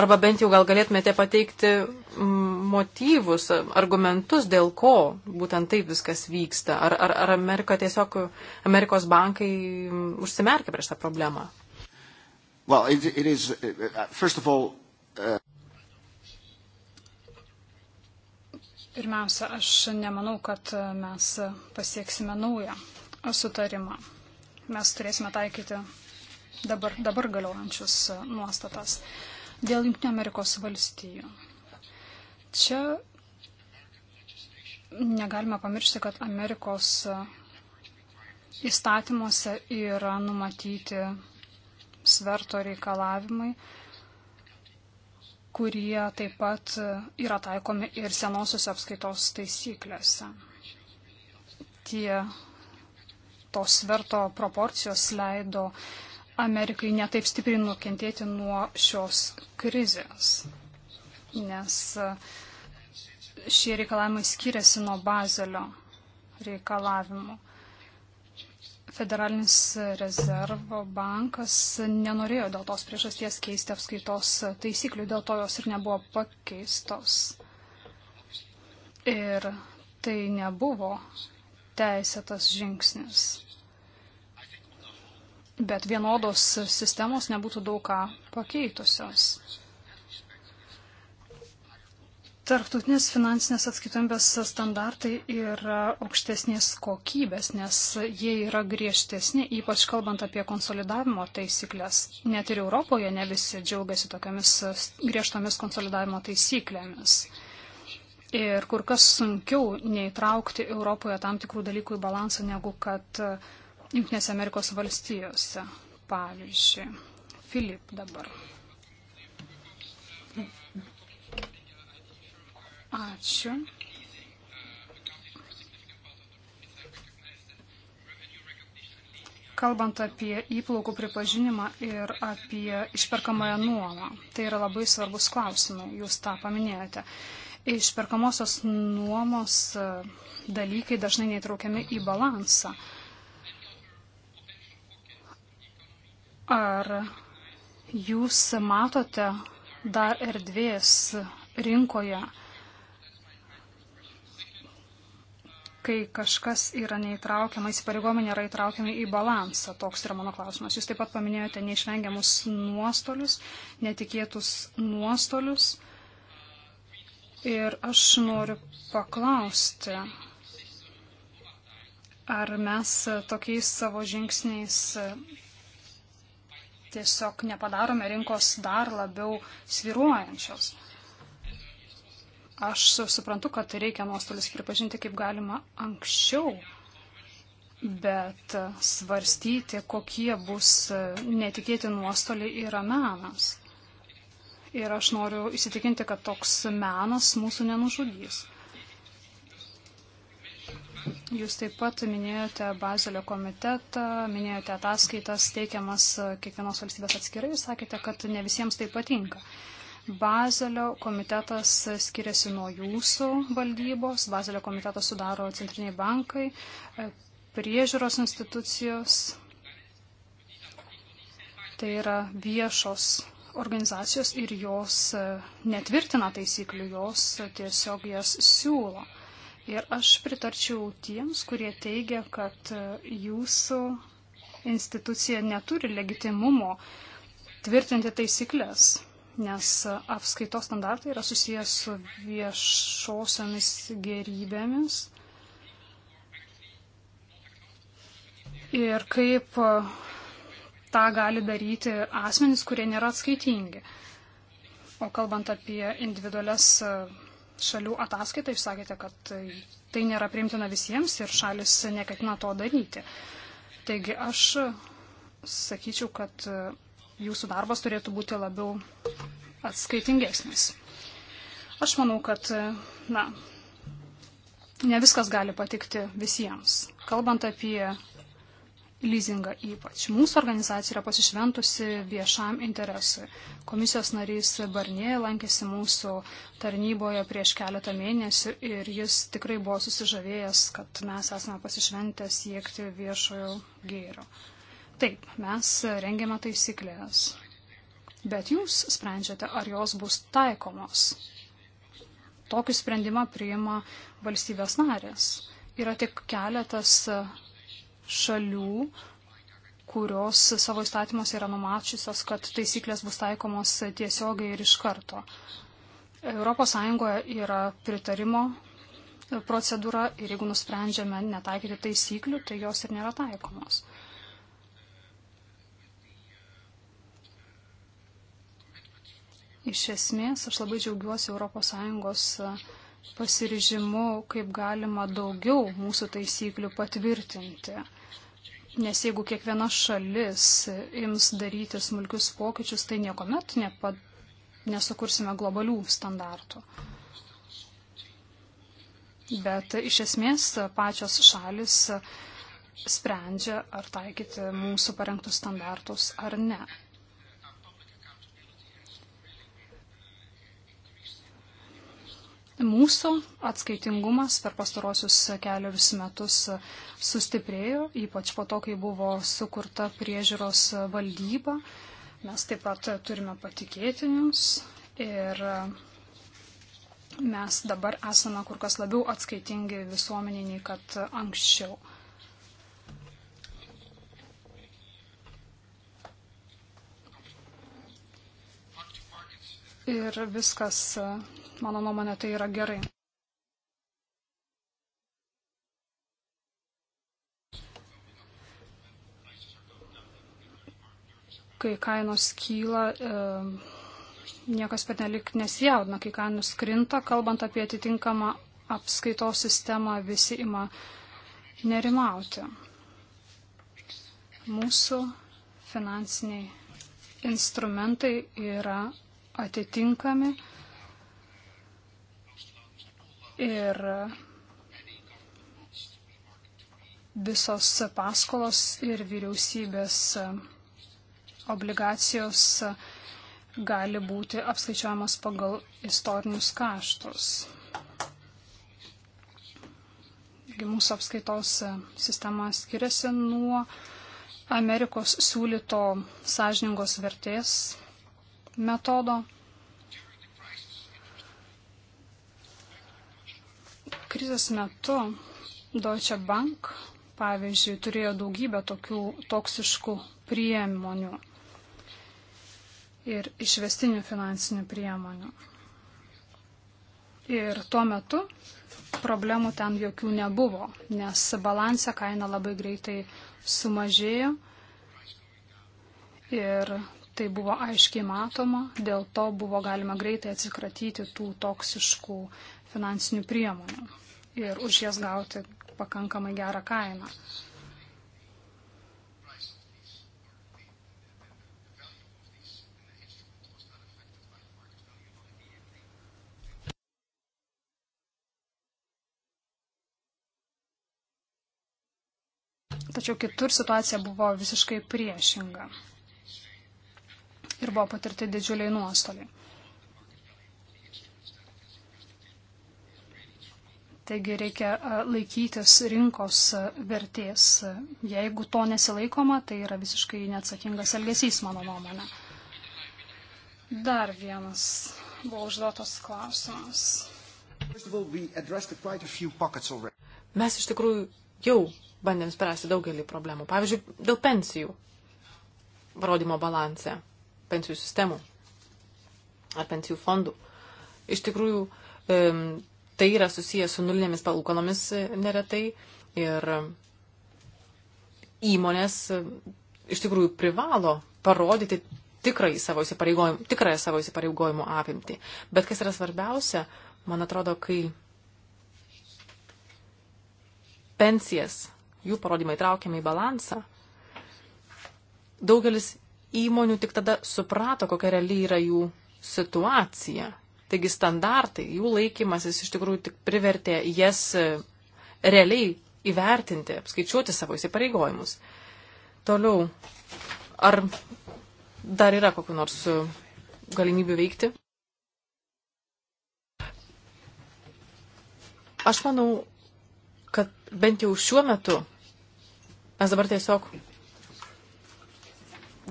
Arba bent jau gal galėtumėte pateikti motyvus, argumentus, dėl ko būtent taip viskas vyksta. Ar, ar, ar Amerika tiesiog, Amerikos bankai užsimerkia prieš tą problemą? Well, it, it is, all, uh... Pirmiausia, aš nemanau, kad mes pasieksime naują sutarimą. Mes turėsime taikyti dabar, dabar galiojančius e, nuostatas dėl Junktinio Amerikos valstijų. Čia negalime pamiršti, kad Amerikos e, įstatymuose yra numatyti sverto reikalavimai, kurie taip pat e, yra taikomi ir senosios apskaitos taisyklėse. Tie tos sverto proporcijos leido uh, Amerikai netaip stipriai nukentėti nuo šios krizės, nes e, šie reikalavimai skiriasi nuo bazelio reikalavimų. Federalinis rezervo bankas nenorėjo dėl tos priežasties keisti apskaitos taisyklių, dėl to jos ir nebuvo pakeistos. Ir tai nebuvo teisėtas žingsnis. Bet vienodos sistemos nebūtų daug ką pakeitusios. Tarptautinės finansinės atskaitomybės standartai yra aukštesnės kokybės, nes jie yra griežtesni, ypač kalbant apie konsolidavimo taisyklės. Net ir Europoje ne visi džiaugiasi tokiamis griežtomis konsolidavimo taisyklėmis. Ir kur kas sunkiau neįtraukti Europoje tam tikrų dalykų į balansą, negu kad uh, Junktinėse Amerikos valstijose, pavyzdžiui. Filip dabar. Ačiū. Kalbant apie įplaukų pripažinimą ir apie išperkamąją nuomą, tai yra labai svarbus klausimai, jūs tą paminėjote. Išperkamosios nuomos dalykai dažnai neįtraukiami į balansą. Uh, Ar jūs matote dar erdvės rinkoje, kai kažkas yra neįtraukiama, įsipareigojimai nėra įtraukiami į balansą? Toks yra mano klausimas. Jūs taip pat paminėjote neišvengiamus nuostolius, netikėtus nuostolius. Ir aš noriu paklausti, ar mes tokiais savo žingsniais tiesiog nepadarome rinkos dar labiau sviruojančios. Aš suprantu, kad reikia nuostolius pripažinti kaip galima anksčiau, bet svarstyti, kokie bus netikėti nuostoliai, yra menas. Ir aš noriu įsitikinti, kad toks menas mūsų nenužudys. Jūs taip pat minėjote Bazelio komitetą, minėjote ataskaitas teikiamas kiekvienos valstybės atskirai, jūs sakėte, kad ne visiems tai patinka. Bazelio komitetas skiriasi nuo jūsų valdybos, Bazelio komitetą sudaro centriniai bankai, priežiūros institucijos, tai yra viešos organizacijos ir jos netvirtina taisyklių, jos tiesiog jas siūlo. Ir aš pritarčiau tiems, kurie teigia, kad jūsų institucija neturi legitimumo tvirtinti taisyklės, nes apskaitos standartai yra susijęs su viešosiomis gerybėmis. Ir kaip tą gali daryti asmenys, kurie nėra atskaitingi. O kalbant apie individualias šalių ataskaitą išsakėte, kad tai nėra priimtina visiems ir šalis neketina to daryti. Taigi aš sakyčiau, kad jūsų darbas turėtų būti labiau atskaitingesnis. Aš manau, kad, na, ne viskas gali patikti visiems. Kalbant apie lyzingą ypač. Mūsų organizacija yra pasišventusi viešam interesui. Komisijos narys Barnė lankėsi mūsų tarnyboje prieš keletą mėnesių ir jis tikrai buvo susižavėjęs, kad mes esame pasišventę siekti viešojo gėrio. Taip, mes rengiame taisyklės, bet jūs sprendžiate, ar jos bus taikomos. Tokį sprendimą priima valstybės narės. Yra tik keletas šalių, kurios savo įstatymuose yra numačiusios, kad taisyklės bus taikomos tiesiogiai ir iš karto. ES yra pritarimo procedūra ir jeigu nusprendžiame netaikyti taisyklių, tai jos ir nėra taikomos. Iš esmės, aš labai džiaugiuosi ES pasirižimu, kaip galima daugiau mūsų taisyklių patvirtinti. Nes jeigu kiekviena šalis ims daryti smulkius pokyčius, tai niekuomet nepa, nesukursime globalių standartų. Bet iš esmės pačios šalis sprendžia, ar taikyti mūsų parengtus standartus ar ne. Mūsų atskaitingumas per pastarosius keliarius metus sustiprėjo, ypač po to, kai buvo sukurta priežiūros valdyba. Mes taip pat turime patikėtinius ir mes dabar esame kur kas labiau atskaitingi visuomeniai nei kad anksčiau. Ir viskas Mano nuomonė tai yra gerai. Kai kainos kyla, e, niekas pernelik nesijaudina, kai kainos krinta, kalbant apie atitinkamą apskaitos sistemą, visi ima nerimauti. Mūsų finansiniai instrumentai yra atitinkami Ir visos paskolos ir vyriausybės obligacijos gali būti apskaičiuojamos pagal istorinius kaštus. Mūsų apskaitos sistema skiriasi nuo Amerikos siūlyto sąžiningos vertės metodo. Krizės metu Deutsche Bank, pavyzdžiui, turėjo daugybę tokių toksiškų priemonių ir išvestinių finansinių priemonių. Ir tuo metu problemų ten jokių nebuvo, nes balansė kaina labai greitai sumažėjo ir tai buvo aiškiai matoma, dėl to buvo galima greitai atsikratyti tų toksiškų finansinių priemonių ir už jas gauti pakankamai gerą kainą. Tačiau kitur situacija buvo visiškai priešinga. Ir buvo patirti didžiuliai nuostoliai. Taigi reikia laikytis rinkos vertės. Jeigu to nesilaikoma, tai yra visiškai neatsakingas elgesys, mano nuomonė. Dar vienas buvo užduotas klausimas. Mes iš tikrųjų jau bandėm spręsti daugelį problemų. Pavyzdžiui, dėl pensijų rodymo balanse, pensijų sistemų ar pensijų fondų. Iš tikrųjų, tai yra susijęs su nulinėmis palūkanomis e, neretai ir įmonės e, iš tikrųjų privalo parodyti tikrąjį savo įsipareigojimų, tikrąją savo įsipareigojimų apimtį. Bet kas yra svarbiausia, man atrodo, kai pensijas, jų parodymai traukiami į balansą, daugelis įmonių tik tada suprato, kokia realiai yra jų situacija Taigi standartai, jų laikymasis iš tikrųjų tik privertė jas e, realiai įvertinti, apskaičiuoti savo įsipareigojimus. Toliau, ar dar yra kokiu nors e, galimybių veikti? Aš manau, kad bent jau šiuo metu mes dabar tiesiog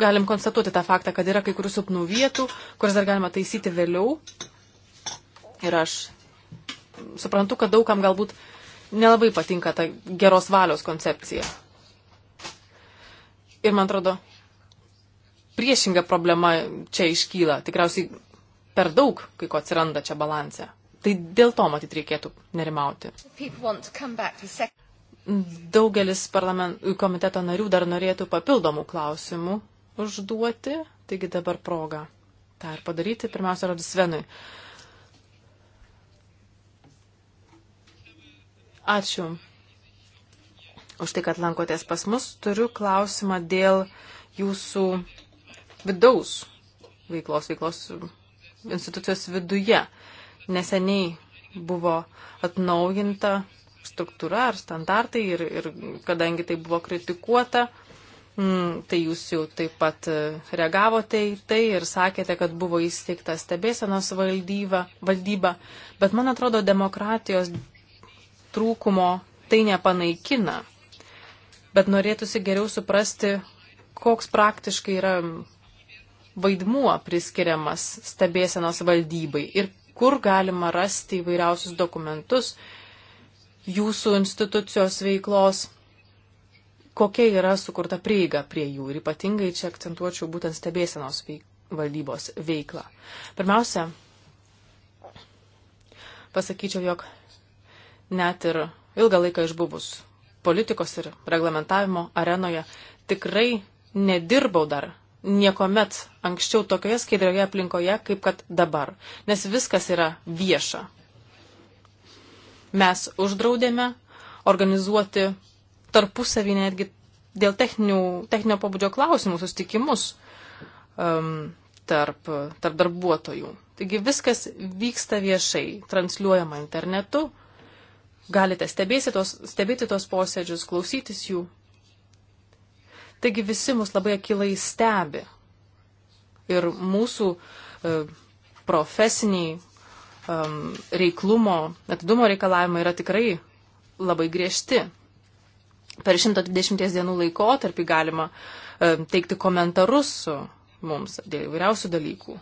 galim konstatuoti tą faktą, kad yra kai kurių silpnų vietų, kurias dar galima taisyti vėliau, Ir aš suprantu, kad daugam galbūt nelabai patinka ta geros valios koncepcija. Ir man atrodo, priešinga problema čia iškyla. Tikriausiai per daug kai ko atsiranda čia balanse. Tai dėl to, matyt, reikėtų nerimauti. Daugelis komiteto narių dar norėtų papildomų klausimų užduoti, taigi dabar proga tą ir padaryti. Pirmiausia, rodis Svenui. Uh, Ačiū už tai, kad lankotės pas mus. Turiu klausimą dėl jūsų vidaus veiklos, veiklos institucijos viduje. Neseniai buvo atnaujinta struktūra ar standartai ir, ir kadangi tai buvo kritikuota, mm, tai jūs jau taip pat e, reagavote į tai ir sakėte, kad buvo įsteigta stebėsenos valdyba, valdyba. Bet man atrodo, demokratijos trūkumo tai nepanaikina, bet norėtųsi geriau suprasti, koks praktiškai yra vaidmuo priskiriamas stebėsenos valdybai ir kur galima rasti įvairiausius dokumentus jūsų institucijos veiklos, kokia yra sukurta prieiga prie jų ir ypatingai čia akcentuočiau būtent stebėsenos veik valdybos veiklą. Pirmiausia, pasakyčiau, jog net ir ilgą laiką išbuvus politikos ir reglamentavimo arenoje, tikrai nedirbau dar niekuomet anksčiau tokioje skaidrioje aplinkoje, kaip kad dabar, nes viskas yra vieša. Mes uždraudėme organizuoti tarpusavį netgi dėl techninių, techninio pabudžio klausimų sustikimus um, tarp, tarp darbuotojų. Taigi viskas vyksta viešai, transliuojama internetu, uh, Galite tos, stebėti tos posėdžius, klausytis jų. Taigi visi mus labai akilai stebi. Ir mūsų e, profesiniai e, reiklumo, atidumo reikalavimai yra tikrai labai griežti. Per 120 dienų laikotarpį galima e, teikti komentarus su mums dėl įvairiausių dalykų.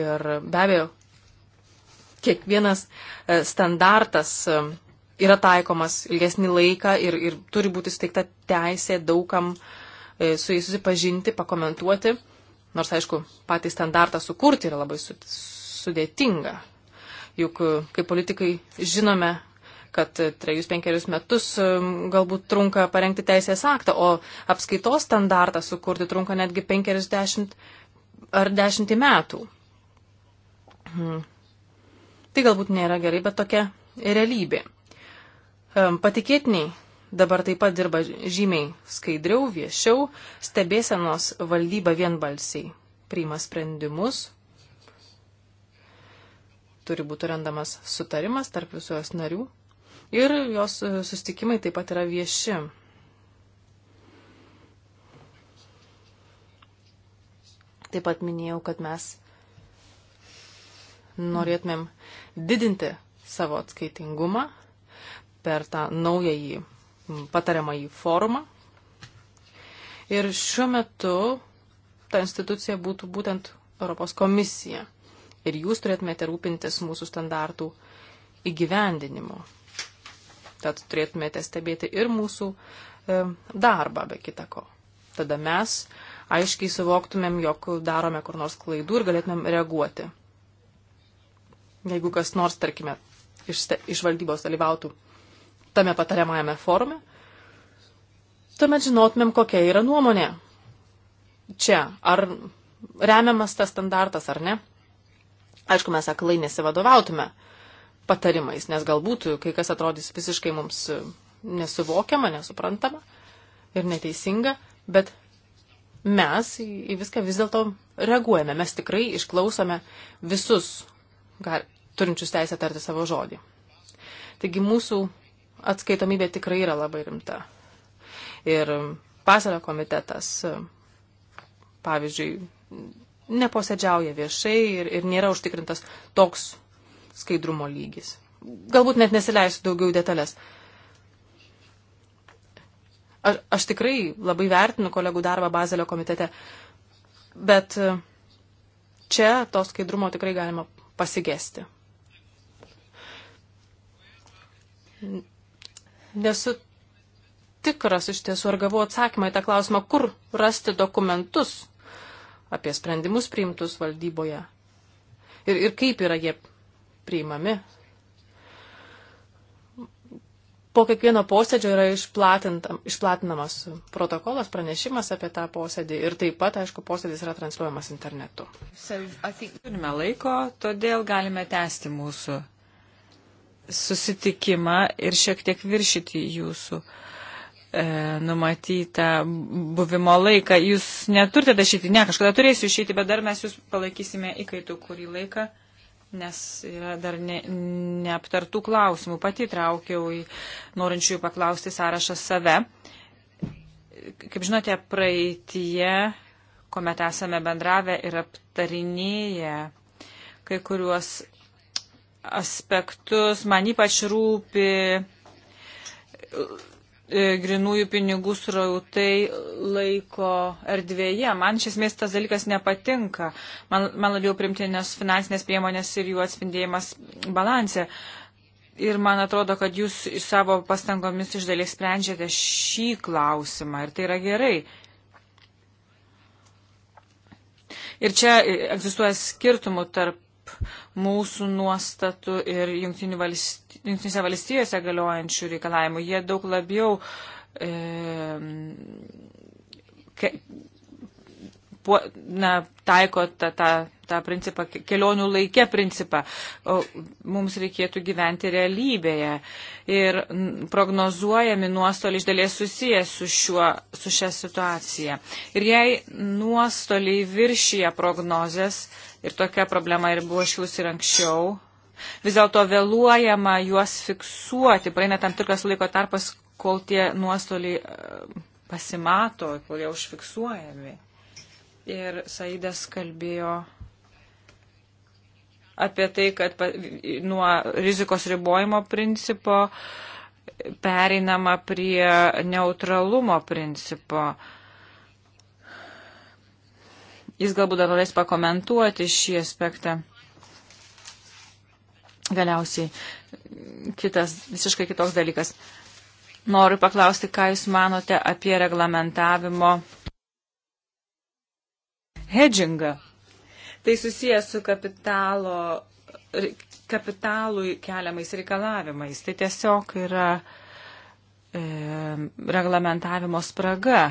Ir be abejo, kiekvienas e, standartas e, yra taikomas ilgesnį laiką ir, ir turi būti steigta teisė daugam e, su jais susipažinti, pakomentuoti. Nors, aišku, patį standartą sukurti yra labai sudėtinga. Juk, kaip politikai, žinome, kad trejus penkerius metus galbūt trunka parengti teisės aktą, o apskaitos standartą sukurti trunka netgi penkerius dešimt ar dešimtį metų. Hmm. Tai galbūt nėra gerai, bet tokia realybė. Patikėtiniai dabar taip pat dirba žymiai skaidriau, viešiau, stebėsenos valdyba vienbalsiai priima sprendimus, turi būti rendamas sutarimas tarp visų jos narių ir jos e, sustikimai taip pat yra vieši. Taip pat minėjau, kad mes norėtumėm didinti savo atskaitingumą per tą naująjį patariamąjį forumą. Ir šiuo metu ta institucija būtų būtent Europos komisija. Ir jūs turėtumėte rūpintis mūsų standartų įgyvendinimu. Tad turėtumėte stebėti ir mūsų e, darbą be kita ko. Tada mes aiškiai suvoktumėm, jog darome kur nors klaidų ir galėtumėm reaguoti jeigu kas nors, tarkime, iš, iš valdybos dalyvautų tame patariamajame forume, tuomet žinotumėm, kokia yra nuomonė. Čia, ar remiamas tas standartas ar ne. Aišku, mes aklai nesivadovautume patarimais, nes galbūt kai kas atrodys visiškai mums nesuvokiama, nesuprantama ir neteisinga, bet mes į viską vis dėlto reaguojame. Mes tikrai išklausome visus gal, turinčius teisę tarti savo žodį. Taigi mūsų atskaitomybė tikrai yra labai rimta. Ir pasario komitetas, pavyzdžiui, neposėdžiauja viešai ir, ir nėra užtikrintas toks skaidrumo lygis. Galbūt net nesileisiu daugiau detalės. A, aš tikrai labai vertinu kolegų darbą Bazelio komitete, bet čia to skaidrumo tikrai galima pasigesti. Nesu tikras iš tiesų, ar gavau atsakymą į tą klausimą, kur rasti dokumentus apie sprendimus priimtus valdyboje ir, ir kaip yra jie priimami po kiekvieno posėdžio yra išplatinamas protokolas, pranešimas apie tą posėdį ir taip pat, aišku, posėdis yra transliuojamas internetu. So, think... Turime laiko, todėl galime tęsti mūsų susitikimą ir šiek tiek viršyti jūsų e, numatytą buvimo laiką. Jūs neturite dašyti, ne, kažkada turėsiu išėti, bet dar mes jūs palaikysime įkaitų kurį laiką nes yra dar ne, neaptartų klausimų. Pati traukiau į norinčiųjų paklausti sąrašą save. Kaip žinote, praeitie, kuomet esame bendravę ir aptarinėję kai kuriuos aspektus, man ypač rūpi E, grinųjų pinigų srautai laiko erdvėje. Man iš esmės tas dalykas nepatinka. Man, man labiau primtinės finansinės priemonės ir jų atspindėjimas balanse. Ir man atrodo, kad jūs savo pastangomis iš dalies sprendžiate šį klausimą ir tai yra gerai. Ir čia egzistuoja skirtumų tarp tarp mūsų nuostatų ir jungtinėse valstijose galiojančių reikalavimų. Jie daug labiau e, ke, puo, na, taiko tą, tą, tą principą, kelionių laikė principą. O mums reikėtų gyventi realybėje. Ir prognozuojami nuostoliai iš dalies susijęs su, šiuo, su šia situacija. Ir jei nuostoliai viršyje prognozes, ir tokia problema ir buvo šius ir anksčiau. Vis dėlto vėluojama juos fiksuoti, praeina tam tikras laiko tarpas, kol tie nuostoliai e, pasimato, kol jie užfiksuojami. Ir Saidas kalbėjo apie tai, kad nuo rizikos ribojimo principo pereinama prie neutralumo principo. Uh, Jis galbūt dar norės pakomentuoti šį aspektą. Galiausiai kitas, visiškai kitoks dalykas. Noriu paklausti, ką Jūs manote apie reglamentavimo hedžingą. Tai susijęs su kapitalo, kapitalui keliamais reikalavimais. Tai tiesiog yra e, reglamentavimo spraga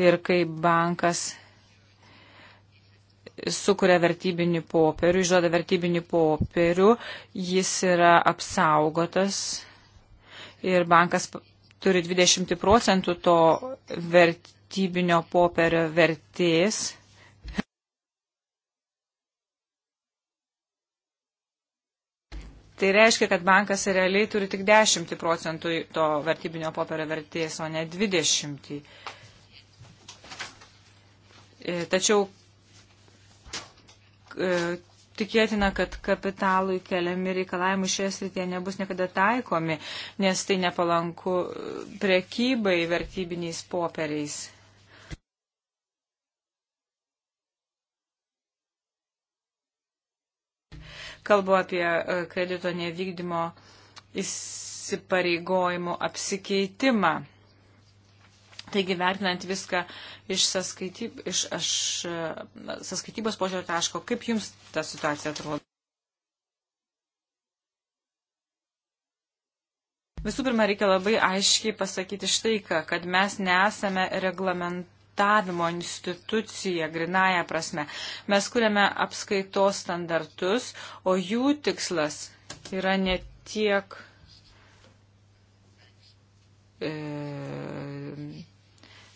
ir kai bankas sukuria vertybinį popierių, išduoda vertybinį popierių, jis yra apsaugotas ir bankas turi 20 procentų to vertybinio popierio vertės. Tai reiškia, kad bankas realiai turi tik 10 procentų to vertybinio popierio vertės, o ne 20. E, tačiau e, tikėtina, kad kapitalui keliami reikalavimai šioje srityje nebus niekada taikomi, nes tai nepalanku prekybai vertybiniais popieriais. Kalbu apie e, kredito nevykdymo įsipareigojimų apsikeitimą. Taigi, vertinant viską iš, saskaityb, iš aš, saskaitybos požiūrio taško, kaip jums ta situacija atrodo? Visų pirma, reikia labai aiškiai pasakyti štai ką, kad mes nesame reglamentavimo institucija, grinaja prasme. Mes kuriame apskaitos standartus, o jų tikslas yra ne tiek. E,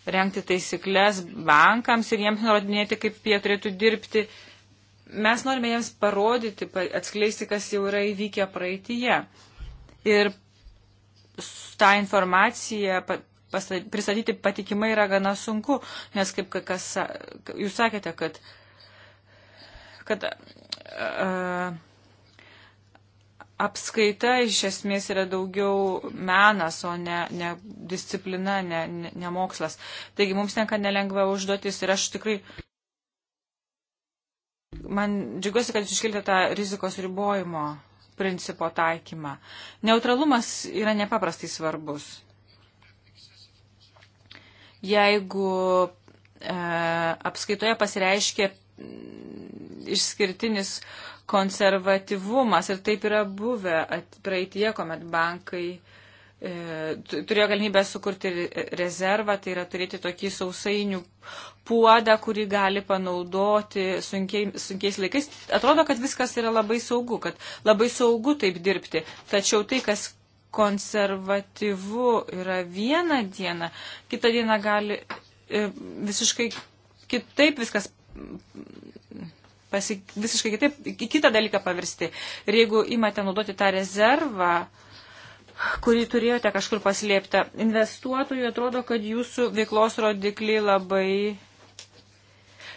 renkti taisyklės bankams ir jiems nurodinėti, kaip jie turėtų dirbti. Mes norime jiems parodyti, atskleisti, kas jau yra įvykę praeitie. Ir tą informaciją pristatyti patikimai yra gana sunku, nes kaip kas, jūs sakėte, kad, kad uh, apskaita iš esmės yra daugiau menas, o ne, ne disciplina, ne, ne, ne mokslas. Taigi mums tenka nelengva užduotis ir aš tikrai. Man džiugiuosi, kad jūs iškiltė tą rizikos ribojimo principo taikymą. Neutralumas yra nepaprastai svarbus. Jeigu e, apskaitoje pasireiškia Mm, išskirtinis konservatyvumas ir taip yra buvę praeitie, kuomet bankai e, turėjo galimybę sukurti rezervą, tai yra turėti tokį sausainių puodą, kurį gali panaudoti sunkiai, sunkiais laikais. Atrodo, kad viskas yra labai saugu, kad labai saugu taip dirbti. Tačiau tai, kas konservatyvu yra vieną dieną, kitą dieną gali e, visiškai kitaip viskas pasi, visiškai kitaip, kitą dalyką pavirsti. Ir jeigu imate naudoti tą rezervą, kurį turėjote kažkur paslėptą, investuotojų atrodo, kad jūsų veiklos rodikliai labai.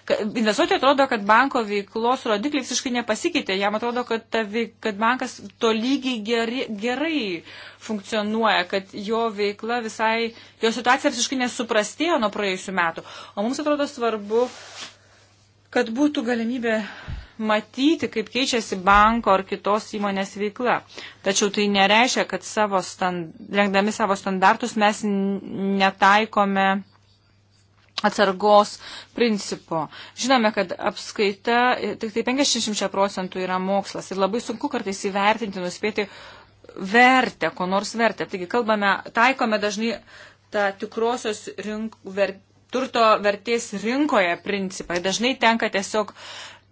Investuotojai atrodo, kad banko veiklos rodikliai visiškai nepasikeitė. Jam atrodo, kad, ta, kad bankas tolygiai gerai, gerai funkcionuoja, kad jo veikla visai, jo situacija visiškai nesuprastėjo nuo praėjusių metų. O mums atrodo svarbu kad būtų galimybė matyti, kaip keičiasi banko ar kitos įmonės veikla. Tačiau tai nereiškia, kad savo stand, rengdami savo standartus mes netaikome atsargos principo. Žinome, kad apskaita e, tik tai 50 procentų yra mokslas ir labai sunku kartais įvertinti, nuspėti vertę, ko nors vertę. Taigi kalbame, taikome dažnai tą tikrosios rink, ver, turto vertės rinkoje principai. Dažnai tenka tiesiog,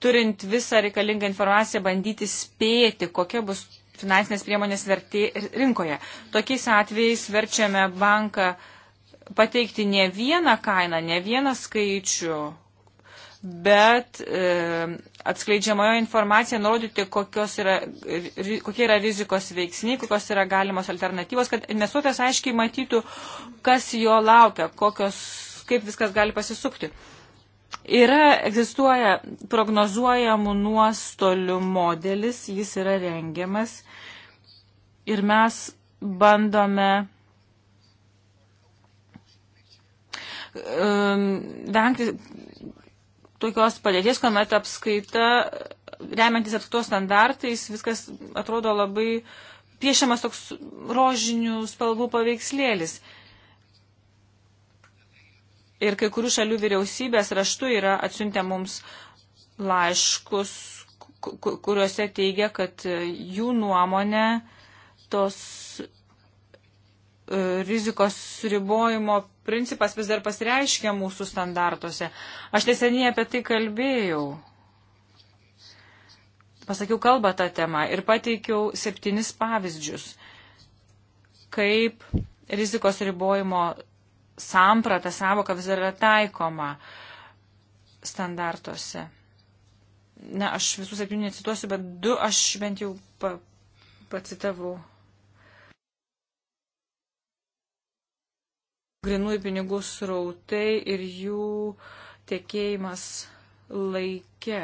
turint visą reikalingą informaciją, bandyti spėti, kokia bus finansinės priemonės vertė rinkoje. Tokiais atvejais verčiame banką pateikti ne vieną kainą, ne vieną skaičių, bet e, atskleidžiamojo informacija nurodyti, yra, ri, kokie yra rizikos veiksniai, kokios yra galimos alternatyvos, kad investuotojas aiškiai matytų, kas jo laukia, kokios kaip viskas gali pasisukti. Yra, egzistuoja prognozuojamų nuostolių modelis, jis yra rengiamas ir mes bandome um, vengti tokios padėties, kuomet apskaita, remiantis apskaitos standartais, viskas atrodo labai piešiamas toks rožinių spalvų paveikslėlis. Uh, ir kai kurių šalių vyriausybės raštu yra atsiuntę mums laiškus, kuriuose teigia, kad e, jų nuomonė tos e, rizikos ribojimo principas vis dar pasireiškia mūsų standartuose. Aš neseniai apie tai kalbėjau. Pasakiau kalbą tą temą ir pateikiau septynis pavyzdžius, kaip rizikos ribojimo samprata, savoka vis dar yra taikoma standartuose. Na, aš visų septynių necituosiu, bet du aš bent jau pa, pacitavau. Grinųjų pinigų srautai ir jų tekėjimas laike,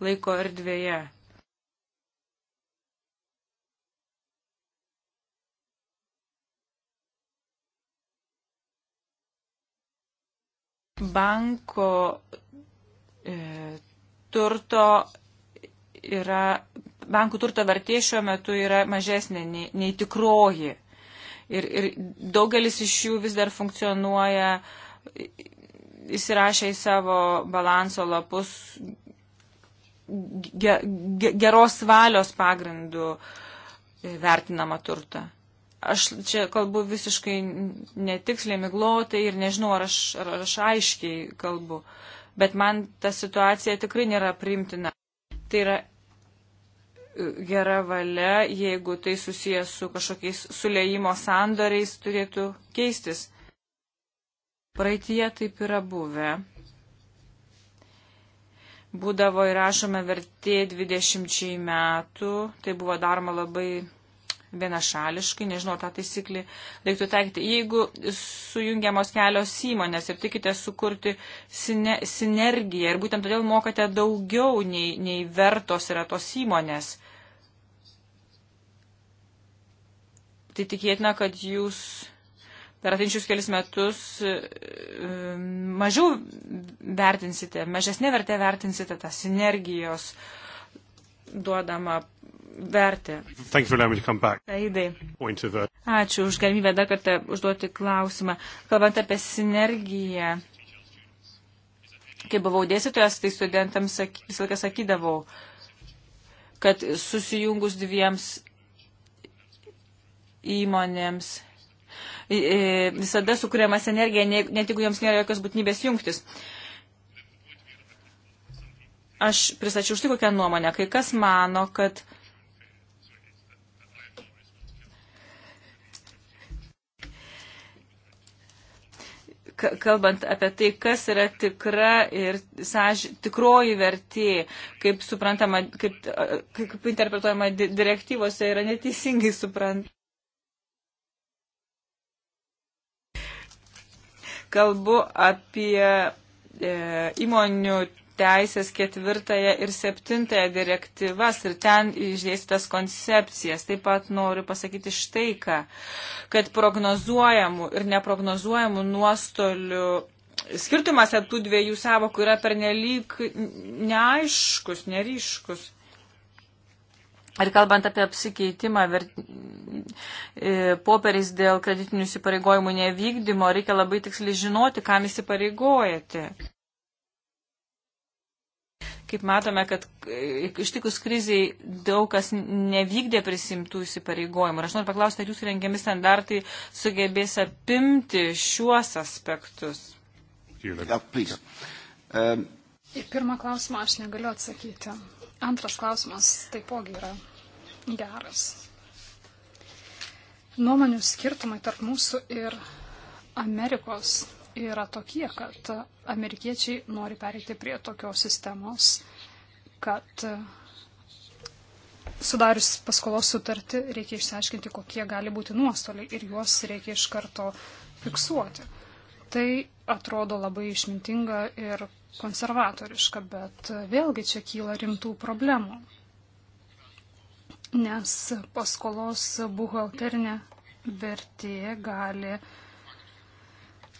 laiko erdvėje. banko e, turto yra, bankų turto vertė šiuo metu yra mažesnė nei, nei tikroji. Ir, ir daugelis iš jų vis dar funkcionuoja, įsirašė į savo balanso lapus geros valios pagrindų e, vertinamą turtą. Aš čia kalbu visiškai netiksliai, miglotai ir nežinau, ar aš, ar aš aiškiai kalbu, bet man ta situacija tikrai nėra primtina. Tai yra e, gera valia, jeigu tai susijęs su kažkokiais sulėjimo sandoriais, turėtų keistis. Praeitie taip yra buvę. Būdavo įrašoma vertė 20 metų, tai buvo daroma labai vienašališkai, nežinau, tą taisyklį reiktų taikyti. Jeigu sujungiamos kelios įmonės ir tikite sukurti sine, sinergiją ir būtent todėl mokate daugiau nei, nei vertos yra tos įmonės, tai tikėtina, kad jūs per atinčius kelis metus um, mažiau vertinsite, mažesnė vertė vertinsite tą sinergijos duodamą vertę. Ačiū už galimybę dar kartą užduoti klausimą. Kalbant apie sinergiją, kai buvau dėstytojas, tai studentams visą laiką sakydavau, kad susijungus dviems įmonėms visada sukūriamas energija, net jeigu jiems nėra jokios būtinybės jungtis aš pristačiau štai kokią nuomonę. Kai kas mano, kad kalbant apie tai, kas yra tikra ir sąž, tikroji vertė, kaip suprantama, kaip, kaip interpretuojama di direktyvose, yra neteisingai suprantama. Kalbu apie e, įmonių teisės ketvirtąją ir septintąją direktyvas ir ten išdėstytas koncepcijas. Taip pat noriu pasakyti štai ką, kad prognozuojamų ir neprognozuojamų nuostolių skirtumas tarp tų dviejų savokų yra pernelyg neaiškus, neryškus. Ir kalbant apie apsikeitimą vert... E, popieriais dėl kreditinių įsipareigojimų nevykdymo, reikia labai tiksliai žinoti, kam įsipareigojate kaip matome, kad ištikus kriziai daug kas nevykdė prisimtų įsipareigojimų. Ir aš noriu paklausti, ar jūsų rengiami standartai sugebės apimti šiuos aspektus. Ja, um. Į pirmą klausimą aš negaliu atsakyti. Antras klausimas taipogi yra geras. Nuomonių skirtumai tarp mūsų ir Amerikos yra tokie, kad amerikiečiai nori pereiti prie tokios sistemos, kad sudarius paskolos sutartį reikia išsiaiškinti, kokie gali būti nuostoliai ir juos reikia iš karto fiksuoti. Tai atrodo labai išmintinga ir konservatoriška, bet vėlgi čia kyla rimtų problemų, nes paskolos buhalterinė vertė gali uh,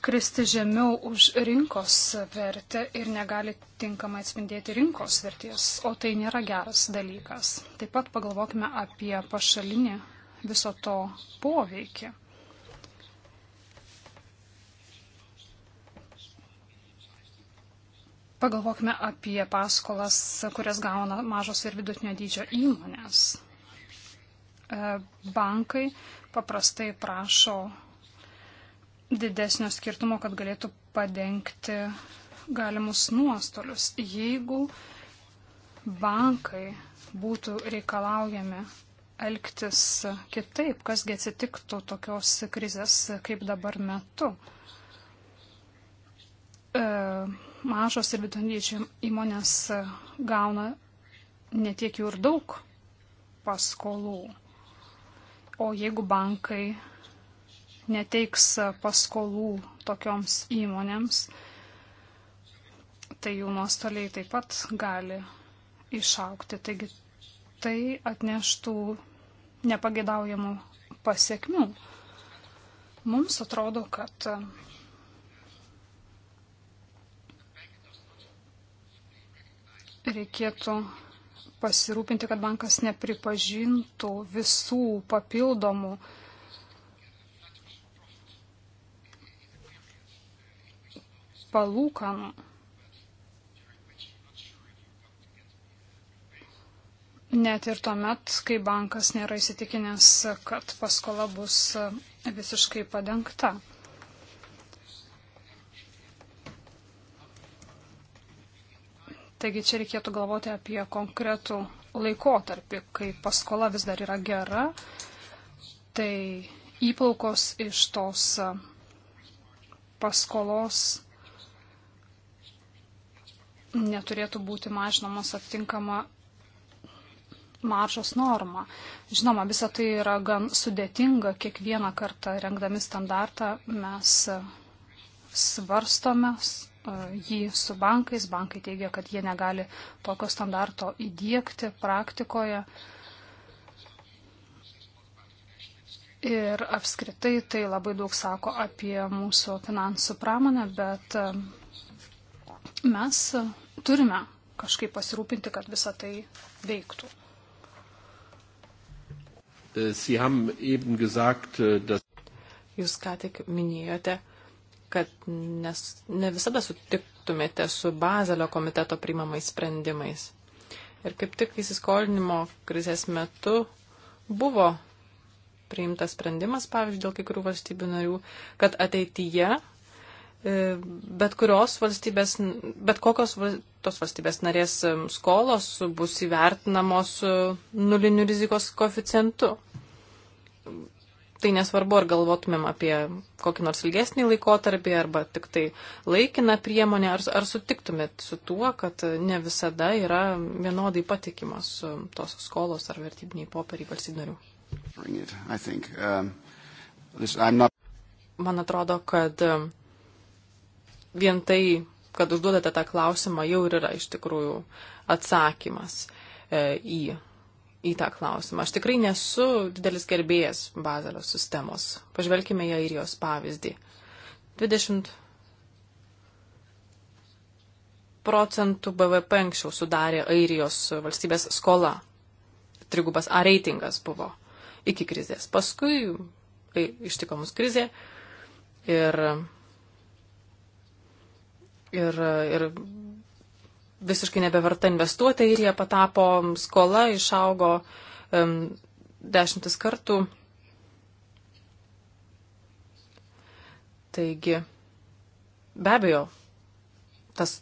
kristi žemiau už rinkos vertę ir negali tinkamai atspindėti rinkos vertės, o tai nėra geras dalykas. Taip pat pagalvokime apie pašalinį viso to poveikį. Pagalvokime apie paskolas, kurias gauna mažos ir vidutinio dydžio įmonės. E, bankai paprastai prašo didesnio skirtumo, kad galėtų padengti galimus nuostolius. Jeigu bankai būtų reikalaujami elgtis kitaip, kasgi atsitiktų tokios krizės kaip dabar metu. E, mažos ir vidutiničiai įmonės gauna netiek jų ir daug paskolų. O jeigu bankai neteiks paskolų tokioms įmonėms, tai jų nuostoliai taip pat gali išaukti. Taigi tai atneštų nepagėdaujamų pasiekmių. Mums atrodo, kad reikėtų pasirūpinti, kad bankas nepripažintų visų papildomų uh, palūkanų. Net ir tuomet, kai bankas nėra įsitikinęs, kad paskola bus visiškai padengta. Taigi čia reikėtų galvoti apie konkretų laikotarpį, kai paskola vis dar yra gera, tai įplaukos iš tos paskolos neturėtų būti mažinamos aptinkama maržos norma. Žinoma, visa tai yra gan sudėtinga. Kiekvieną kartą rengdami standartą mes e, svarstome e, jį su bankais. Bankai teigia, kad jie negali tokio standarto įdėkti praktikoje. Ir apskritai tai labai daug sako apie mūsų finansų pramonę, bet e, Mes turime kažkaip pasirūpinti, kad visa tai veiktų. Äh, äh, Jūs ką tik minėjote, kad nes, ne visada sutiktumėte su Bazelio komiteto priimamais sprendimais. Ir kaip tik įsiskolinimo krizės metu buvo priimtas sprendimas, pavyzdžiui, dėl kai kurių valstybių narių, kad ateityje E, bet kurios valstybės, bet kokios tos valstybės narės e, skolos bus įvertinamos e, nuliniu rizikos koeficientu. Tai nesvarbu, ar galvotumėm apie kokį nors ilgesnį laikotarpį, arba tik tai laikiną priemonę, ar, ar sutiktumėt su tuo, kad ne visada yra vienodai patikimas tos skolos ar vertybiniai popieriai valstybinarių. Um, Man atrodo, kad vien tai, kad užduodate tą klausimą, jau ir yra iš tikrųjų atsakymas e, į, į tą klausimą. Aš tikrai nesu didelis gerbėjas Bazelio sistemos. Pažvelkime ją ir jos pavyzdį. 20 procentų BVP anksčiau sudarė Airijos valstybės skola. Trigubas A reitingas buvo iki krizės. Paskui tai ištiko mus krizė ir ir, ir visiškai nebeverta investuoti. Airija patapo skola, išaugo um, dešimtis kartų. Taigi, be abejo, tas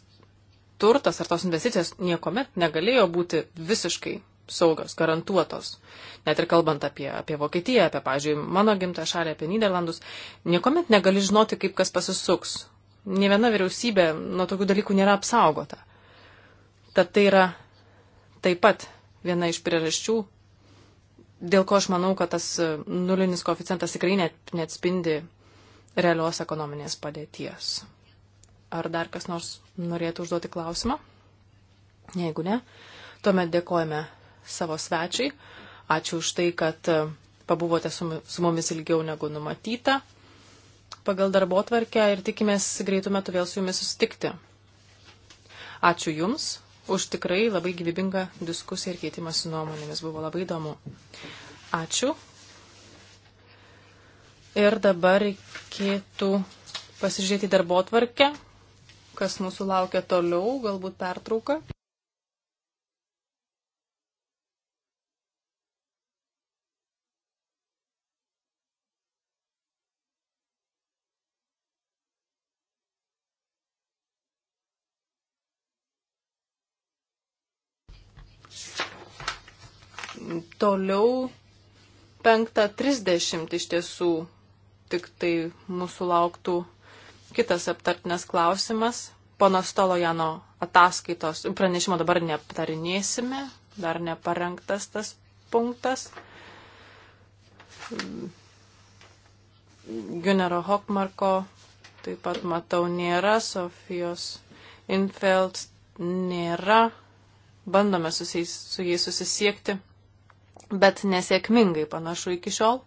turtas ar tos investicijos niekuomet negalėjo būti visiškai saugios, garantuotos. Net ir kalbant apie, apie Vokietiją, apie, pavyzdžiui, mano gimtą šalį, apie Niderlandus, niekuomet negali žinoti, kaip kas pasisuks. Ne viena vyriausybė nuo tokių dalykų nėra apsaugota. Tad tai yra taip pat viena iš priežasčių, dėl ko aš manau, kad tas e, nulinis koeficientas tikrai net, net spindi realios ekonominės padėties. Ar dar kas nors norėtų užduoti klausimą? Jeigu ne, tuomet dėkojame savo svečiai. Ačiū už tai, kad e, pabuvote su mumis ilgiau negu numatyta pagal darbo tvarkę ir tikimės greitų metų vėl su jumis susitikti. Ačiū Jums už tikrai labai gyvybingą diskusiją ir keitimąsi nuomonėmis. Buvo labai įdomu. Ačiū. Ir dabar reikėtų pasižiūrėti darbo tvarkę, kas mūsų laukia toliau, galbūt pertrauka. Toliau 5.30 iš tiesų tik tai mūsų lauktų kitas aptartinės klausimas. Pono Stolojano ataskaitos pranešimo dabar neaptarinėsime, dar neparengtas tas punktas. Günero Hokmarko taip pat matau nėra, Sofijos Infeld nėra. Bandome susiais, su jais susisiekti bet nesėkmingai panašu iki šiol.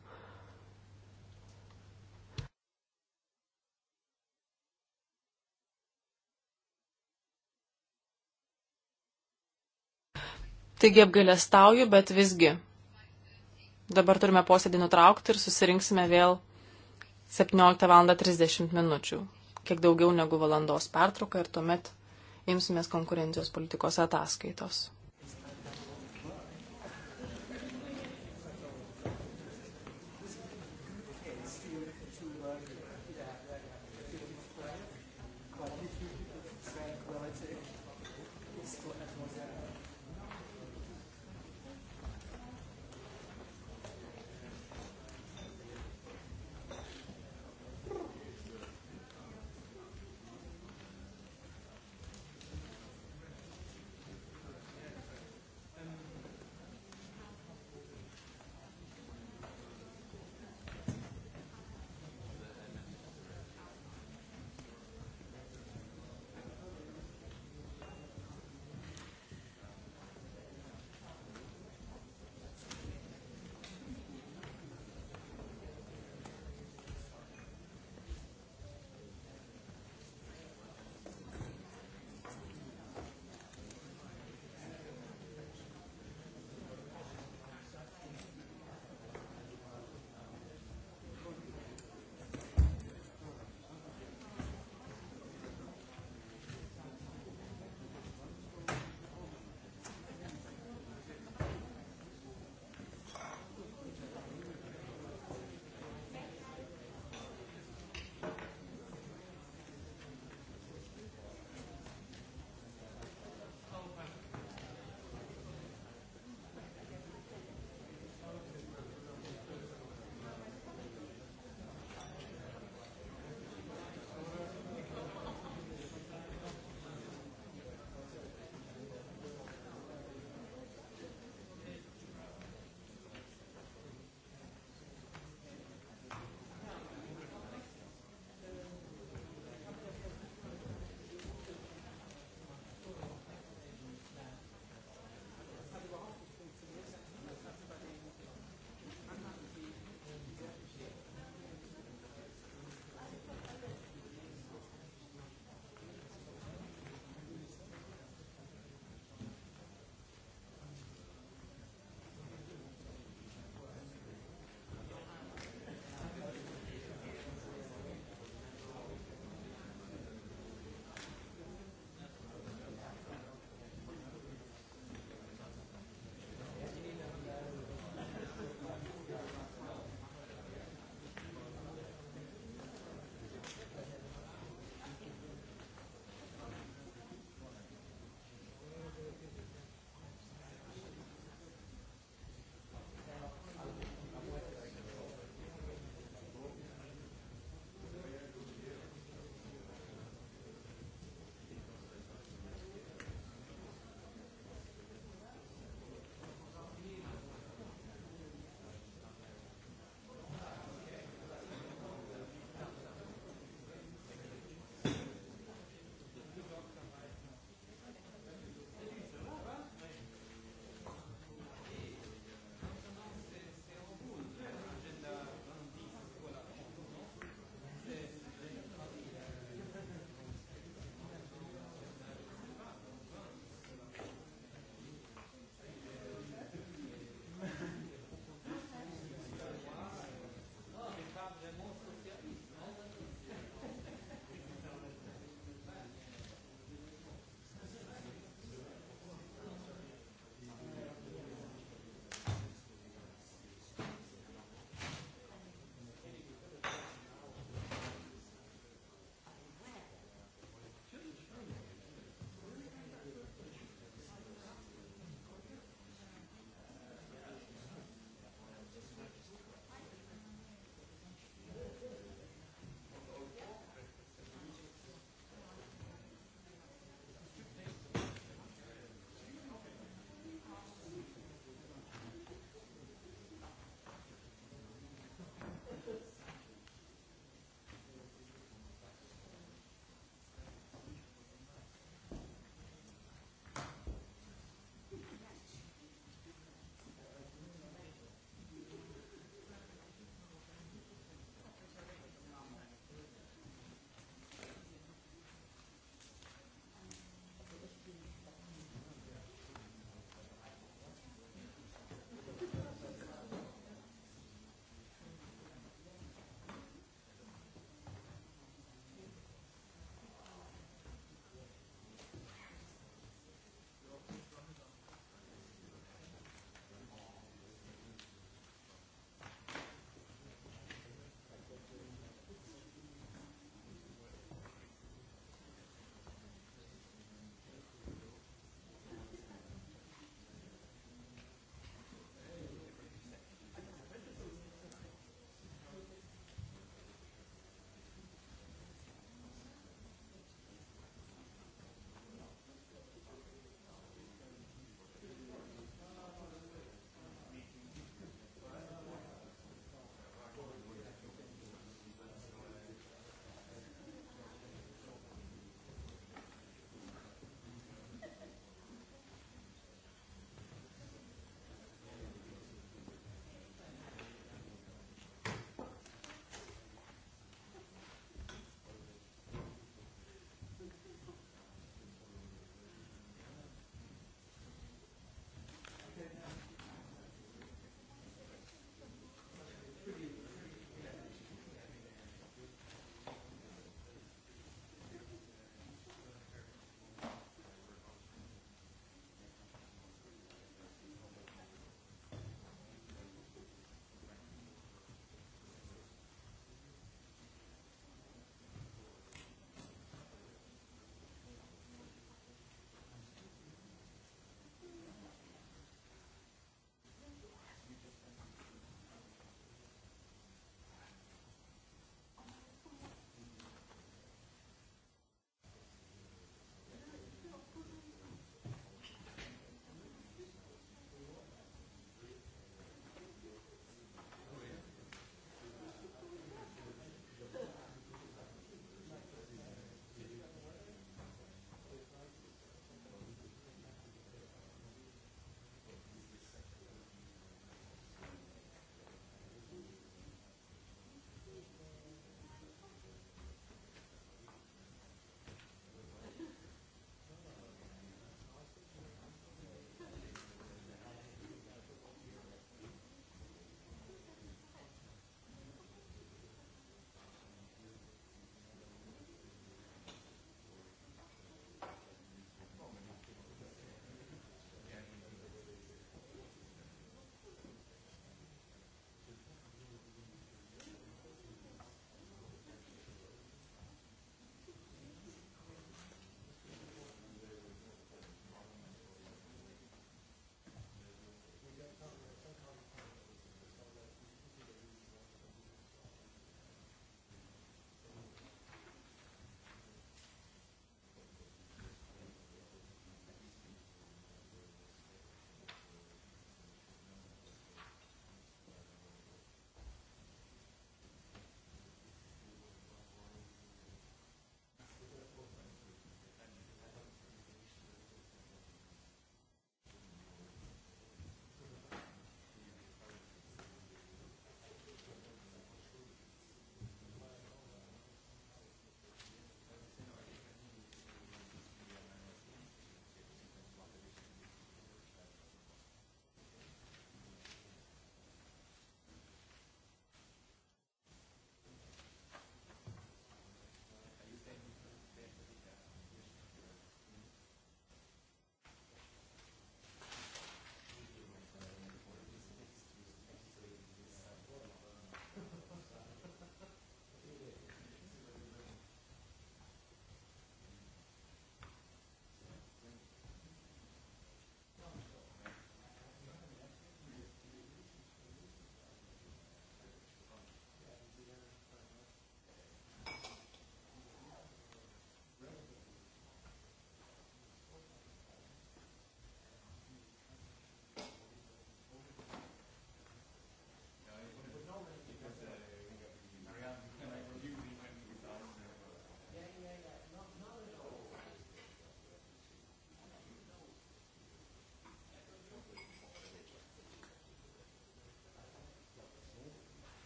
Taigi apgailestauju, bet visgi. Dabar turime posėdį nutraukti ir susirinksime vėl 17 val. 30 minučių. Kiek daugiau negu valandos pertrauka ir tuomet imsimės konkurencijos politikos ataskaitos.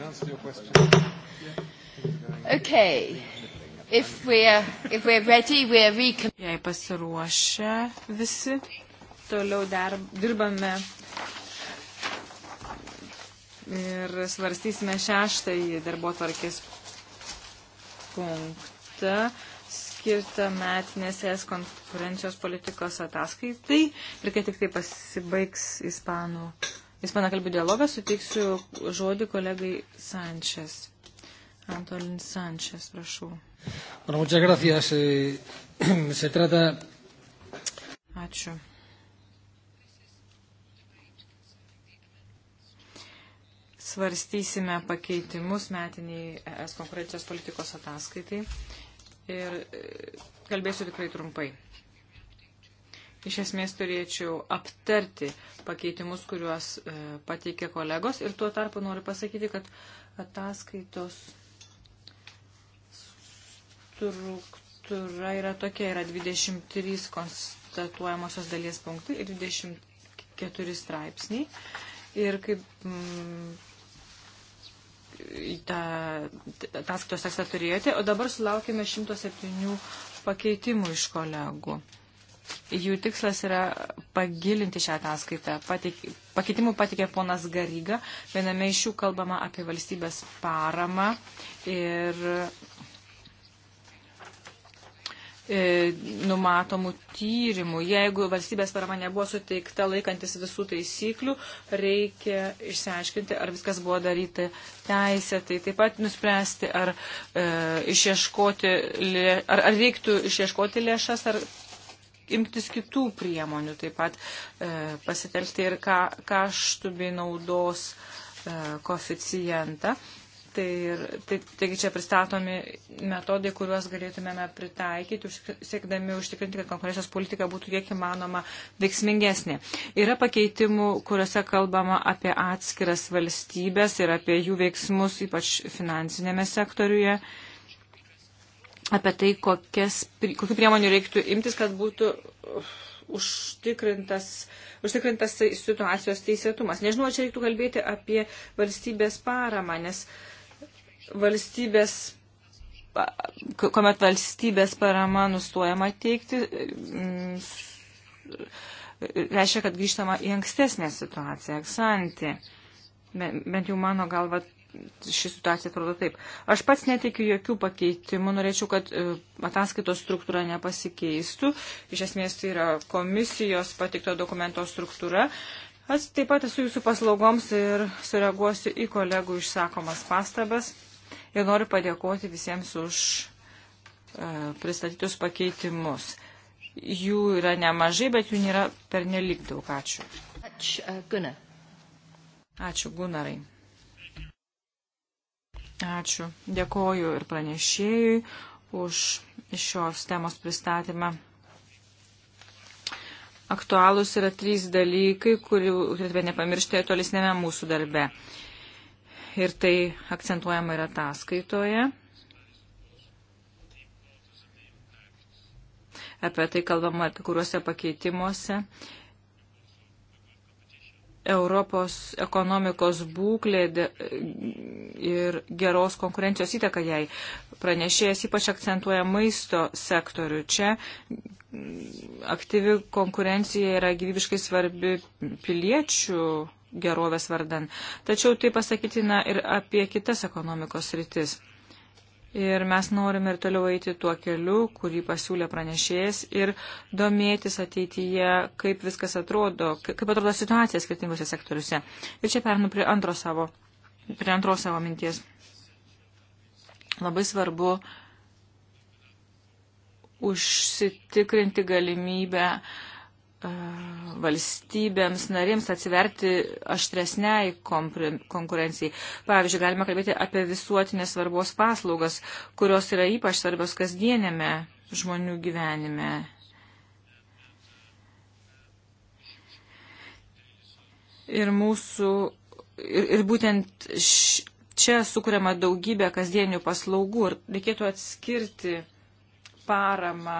can answer your question. Okay. If we're, if we're ready, we're recom... Jei pasiruošę visi, toliau dar dirbame ir svarstysime šeštąjį darbo tvarkės punktą skirtą metinės es konkurencijos politikos ataskaitai ir kai tik tai pasibaigs ispanų Ispanakalbių dialogą suteiksiu žodį kolegai Sančias. Antolin Sančias, prašau. Bueno, muchas gracias. Eh, se trata. Ačiū. Svarstysime pakeitimus metiniai ES konkurencijos politikos ataskaitai ir e, kalbėsiu tikrai trumpai iš esmės turėčiau aptarti pakeitimus, kuriuos e, pateikė kolegos. Ir tuo tarpu noriu pasakyti, kad ataskaitos struktūra yra tokia, yra 23 konstatuojamosios dalies punktai ir 24 straipsniai. Ir kaip mm, tą ataskaitos tekstą turėjote, o dabar sulaukime 107 pakeitimų iš kolegų. Jų tikslas yra pagilinti šią ataskaitą. Pateik, pakeitimų patikė ponas Garyga. Viename iš jų kalbama apie valstybės paramą ir e, numatomų tyrimų. Jeigu valstybės parama nebuvo suteikta laikantis visų taisyklių, reikia išsiaiškinti, ar viskas buvo daryti teisė. Tai taip pat nuspręsti, ar, e, išieškoti, ar, ar reiktų išieškoti lėšas, ar imtis kitų priemonių, taip pat e, pasitelkti ir ka, kaštų bei naudos e, koficijantą. Tai ir, tai, taigi čia pristatomi metodai, kuriuos galėtumėme pritaikyti, siekdami užtikrinti, kad konkurencijos politika būtų kiek įmanoma veiksmingesnė. Yra pakeitimų, kuriuose kalbama apie atskiras valstybės ir apie jų veiksmus, ypač finansinėme sektoriuje. E, apie tai, kokias, kokių priemonių reiktų imtis, kad būtų uh, užtikrintas, užtikrintas situacijos teisėtumas. Nežinau, čia reiktų kalbėti apie valstybės paramą, nes valstybės, kuomet valstybės parama nustojama teikti, mm, reiškia, kad grįžtama į ankstesnę situaciją, aksantį. Bent jau mano galva ši situacija atrodo taip. Aš pats netikiu jokių pakeitimų, norėčiau, kad e, ataskaitos struktūra nepasikeistų. Iš esmės tai yra komisijos patikto dokumento struktūra. Aš taip pat esu jūsų paslaugoms ir sureaguosiu į kolegų išsakomas pastabas ir noriu padėkoti visiems už e, pristatytus pakeitimus. Jų yra nemažai, bet jų nėra per nelik daug. Ačiū. Ačiū, e, Gunarai. Ačiū. Dėkoju ir pranešėjui už šios temos pristatymą. Aktualūs yra trys dalykai, kurių turėtume nepamiršti tolisnėme mūsų darbe. Ir tai akcentuojama yra ataskaitoje. Apie tai kalbama kai kuriuose pakeitimuose. Uh, Europos ekonomikos būklė ir geros konkurencijos įtaka jai. Pranešėjas ypač akcentuoja maisto sektorių. Čia aktyvi konkurencija yra gyvybiškai svarbi piliečių gerovės vardan. Tačiau tai pasakytina ir apie kitas ekonomikos rytis. Ir mes norime ir toliau eiti tuo keliu, kurį pasiūlė pranešėjas ir domėtis ateityje, kaip viskas atrodo, kaip atrodo situacija skirtingose sektoriuose. Ir čia pernu prie, antro savo, prie antros savo minties. Labai svarbu užsitikrinti galimybę uh, valstybėms narėms atsiverti aštresniai konkurencijai. Pavyzdžiui, galima kalbėti apie visuotinės svarbos paslaugas, kurios yra ypač svarbios kasdienėme žmonių gyvenime. Ir mūsų, ir, ir būtent š, čia sukuriama daugybė kasdienių paslaugų ir reikėtų atskirti paramą.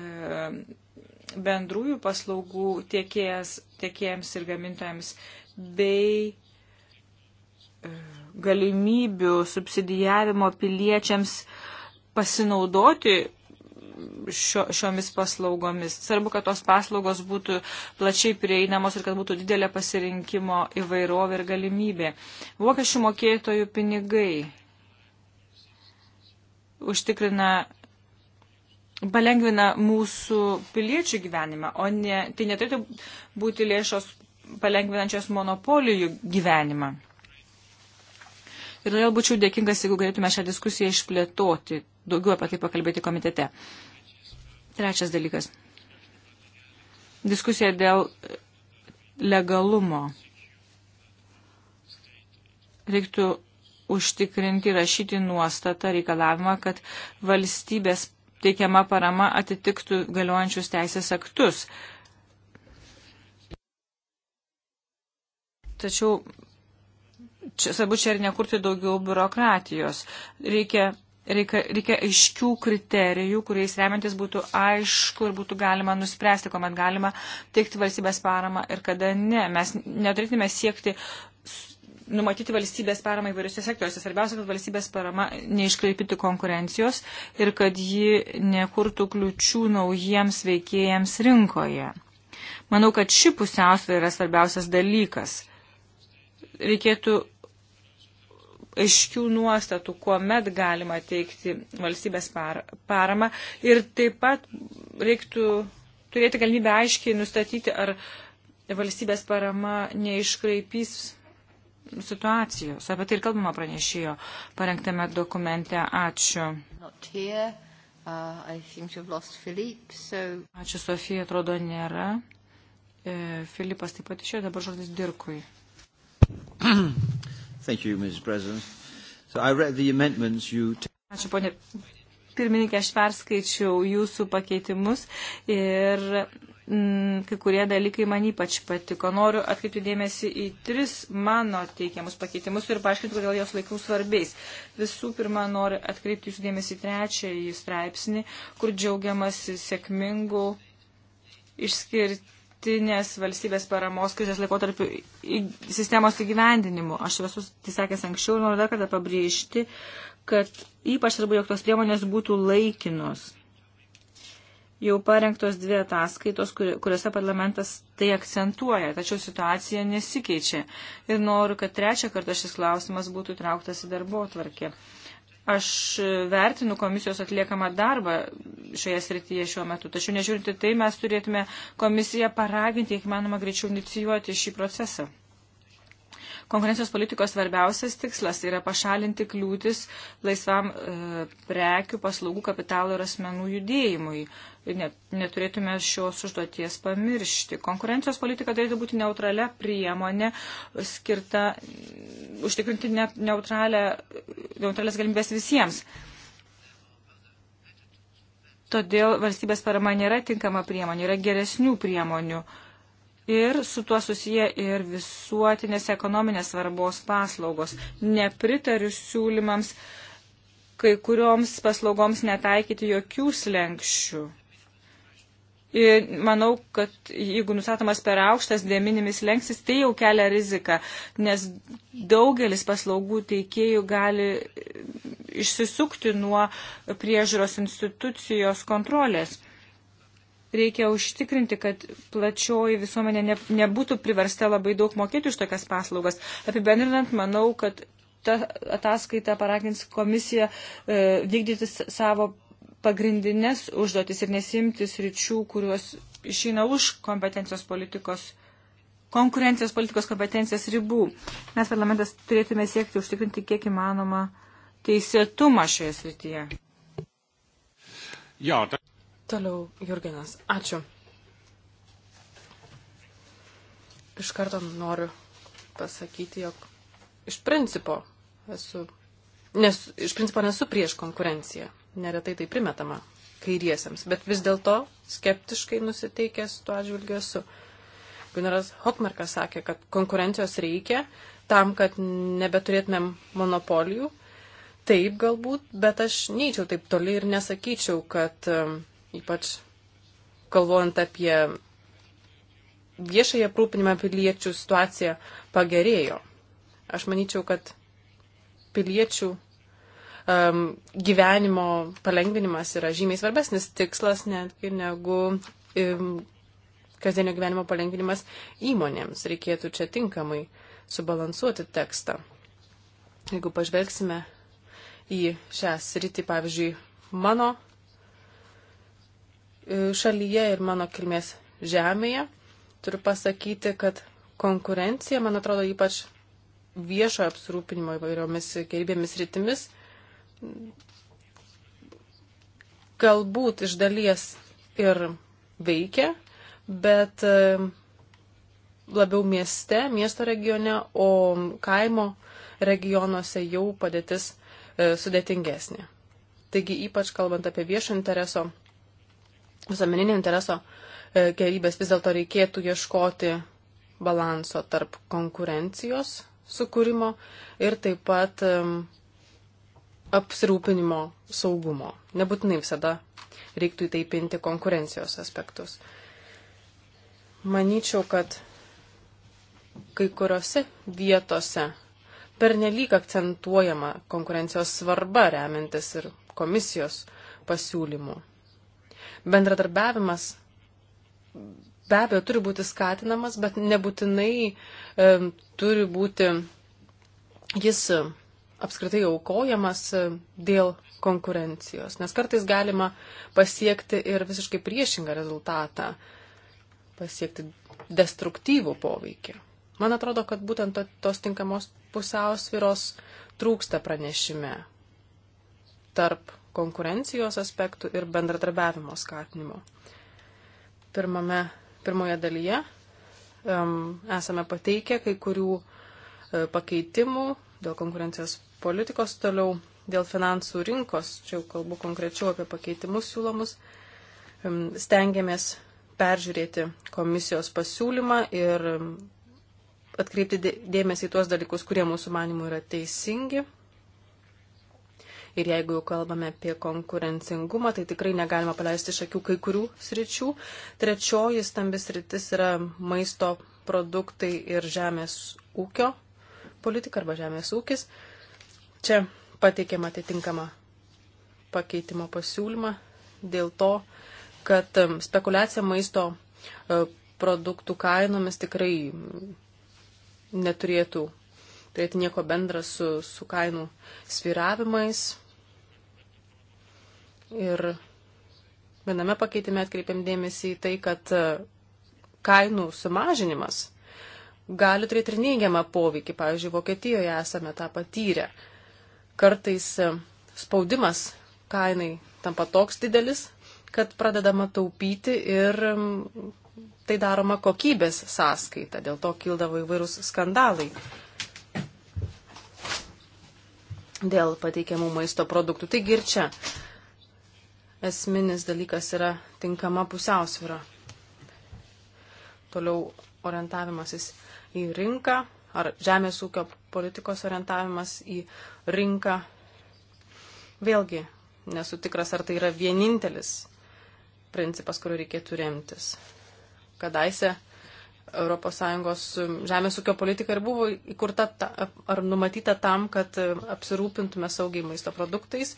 E, bendrųjų paslaugų tiekėjas, tiekėjams ir gamintojams bei e, galimybių subsidijavimo piliečiams pasinaudoti šio, šiomis paslaugomis. Svarbu, kad tos paslaugos būtų plačiai prieinamos ir kad būtų didelė pasirinkimo įvairovė ir galimybė. Vokiečių mokėtojų pinigai užtikrina palengvina mūsų piliečių gyvenimą, o ne, tai neturėtų būti lėšos palengvinančios monopolijų gyvenimą. Ir todėl būčiau dėkingas, jeigu galėtume šią diskusiją išplėtoti, daugiau apie tai pakalbėti komitete. Trečias dalykas. Diskusija dėl legalumo. Reiktų užtikrinti rašyti nuostatą reikalavimą, kad valstybės teikiama parama atitiktų galiojančius teisės aktus. Tačiau čia, sabu čia ir nekurti daugiau biurokratijos. Reikia Reikia, reikia aiškių kriterijų, kuriais remiantis būtų aišku ir būtų galima nuspręsti, kuomet galima teikti valstybės paramą ir kada ne. Mes neturėtume siekti numatyti valstybės paramą įvairiuose sektoriuose. Svarbiausia, kad valstybės parama neiškreipytų konkurencijos ir kad ji nekurtų kliučių naujiems veikėjams rinkoje. Manau, kad ši pusiausvė yra svarbiausias dalykas. Reikėtų aiškių nuostatų, kuomet galima teikti valstybės par paramą ir taip pat reiktų turėti galimybę aiškiai nustatyti, ar valstybės parama neiškraipys situacijos. Apie tai ir kalbama pranešėjo parengtame dokumente. Ačiū. Uh, Ačiū, Sofija, atrodo, nėra. E, Filipas taip pat išėjo, dabar žodis Dirkui. Thank you, Mrs. President. So I read the amendments you... Ačiū, ponė pirmininkė, aš perskaičiau jūsų pakeitimus ir mm, kai kurie dalykai man ypač patiko. Noriu atkreipti dėmesį į tris mano teikiamus pakeitimus ir paaiškinti, kodėl jos laikau svarbiais. Visų pirma, noriu atkreipti jūsų dėmesį į trečiąjį straipsnį, kur džiaugiamasi sėkmingų išskirti dabartinės valstybės paramos krizės laikotarpiu sistemos įgyvendinimu. Aš esu tai sakęs anksčiau ir noriu dar kartą pabrėžti, kad ypač svarbu, jog tos priemonės būtų laikinos. Jau parengtos dvi ataskaitos, kuriuose parlamentas tai akcentuoja, tačiau situacija nesikeičia. Ir noriu, kad trečią kartą šis klausimas būtų trauktas į darbo atvarkę. Aš vertinu komisijos atliekamą darbą šioje srityje šiuo metu, tačiau nežiūrinti tai, mes turėtume komisiją paraginti, kiek manoma, greičiau inicijuoti šį procesą. Konkurencijos politikos svarbiausias tikslas yra pašalinti kliūtis laisvam e, prekių, paslaugų, kapitalo ir asmenų judėjimui. Net, neturėtume šios užduoties pamiršti. Konkurencijos politika turėtų būti neutralia priemonė, skirta užtikrinti ne, neutralias galimybės visiems. Todėl valstybės parama nėra tinkama priemonė, yra geresnių priemonių. E, ir su tuo susiję ir visuotinės ekonominės svarbos paslaugos. Nepritariu siūlymams kai kurioms paslaugoms netaikyti jokių slengščių. Ir manau, kad jeigu nustatomas per aukštas dėminimis lenksis, tai jau kelia riziką, nes daugelis paslaugų teikėjų gali išsisukti nuo priežiūros institucijos kontrolės reikia užtikrinti, kad plačioji visuomenė ne, nebūtų priversta labai daug mokėti už tokias paslaugas. Apibendrinant, manau, kad ta ataskaita paragins komisiją e, vykdyti savo pagrindinės užduotis ir nesimtis ryčių, kuriuos išeina už kompetencijos politikos konkurencijos politikos kompetencijos ribų. Mes parlamentas turėtume siekti užtikrinti kiek įmanoma teisėtumą šioje srityje. Ja, da... Toliau Jurgenas. Ačiū. Iš karto noriu pasakyti, jog iš principo esu. Nes iš principo nesu prieš konkurenciją. Neretai tai primetama kairiesiems. Bet vis dėlto skeptiškai nusiteikęs tuo atžvilgiu esu. Gunaras Hokmarkas sakė, kad konkurencijos reikia tam, kad nebeturėtumėm monopolijų. Taip galbūt, bet aš neįčiau taip toli ir nesakyčiau, kad um, ypač galvojant apie viešąją aprūpinimą piliečių situacija pagerėjo. Aš manyčiau, kad piliečių um, gyvenimo palengvinimas yra žymiai svarbesnis tikslas netgi negu um, kasdienio gyvenimo palengvinimas įmonėms. Reikėtų čia tinkamai subalansuoti tekstą. Jeigu pažvelgsime į šią sritį, pavyzdžiui, mano E, šalyje ir mano kilmės žemėje. Turiu pasakyti, kad konkurencija, man atrodo, ypač viešo apsirūpinimo įvairiomis gerybėmis rytimis, galbūt iš dalies ir veikia, bet e, labiau mieste, miesto regione, o kaimo regionuose jau padėtis e, sudėtingesnė. Taigi ypač kalbant apie viešo intereso visuomeninio intereso e, gerybės vis dėlto reikėtų ieškoti balanso tarp konkurencijos sukūrimo ir taip pat apsirūpinimo saugumo. Nebūtinai visada reiktų įtaipinti konkurencijos aspektus. Manyčiau, kad kai kuriuose vietose pernelyg akcentuojama konkurencijos svarba remintis ir komisijos pasiūlymų bendradarbiavimas be abejo turi būti skatinamas, bet nebūtinai e, turi būti jis apskritai aukojamas e, dėl konkurencijos, nes kartais galima pasiekti ir visiškai priešingą rezultatą, pasiekti destruktyvų poveikį. Man atrodo, kad būtent tos tinkamos pusiausviros trūksta pranešime tarp konkurencijos aspektų ir bendradarbiavimo skatinimo. Pirmame, pirmoje dalyje um, esame pateikę kai kurių uh, pakeitimų dėl konkurencijos politikos toliau, dėl finansų rinkos, čia jau kalbu konkrečiau apie pakeitimus siūlomus, um, stengiamės peržiūrėti komisijos pasiūlymą ir um, atkreipti dėmesį į tuos dalykus, kurie mūsų manimų yra teisingi Ir jeigu jau kalbame apie konkurencingumą, tai tikrai negalima paleisti iš akių kai kurių sričių. Trečioji stambis rytis yra maisto produktai ir žemės ūkio politika arba žemės ūkis. Čia pateikėm atitinkamą pakeitimo pasiūlymą dėl to, kad um, spekulacija maisto e, produktų kainomis tikrai neturėtų turėti nieko bendra su, su kainų sviravimais. Ir viename pakeitime atkreipiam dėmesį į tai, kad e, kainų sumažinimas gali turėti ir neigiamą poveikį. Pavyzdžiui, Vokietijoje esame tą patyrę. Kartais e, spaudimas kainai tampa toks didelis, kad pradedama taupyti ir tai daroma kokybės sąskaita. Dėl to kildavo įvairūs skandalai dėl pateikiamų maisto produktų. Taigi ir čia esminis dalykas yra tinkama pusiausvyra. Toliau orientavimasis į rinką ar žemės ūkio politikos orientavimas į rinką. Vėlgi, nesu tikras, ar tai yra vienintelis principas, kuriuo reikėtų remtis. Kadaise ES um, žemės ūkio politika ir buvo įkurta ta, ar numatyta tam, kad um, apsirūpintume saugiai maisto produktais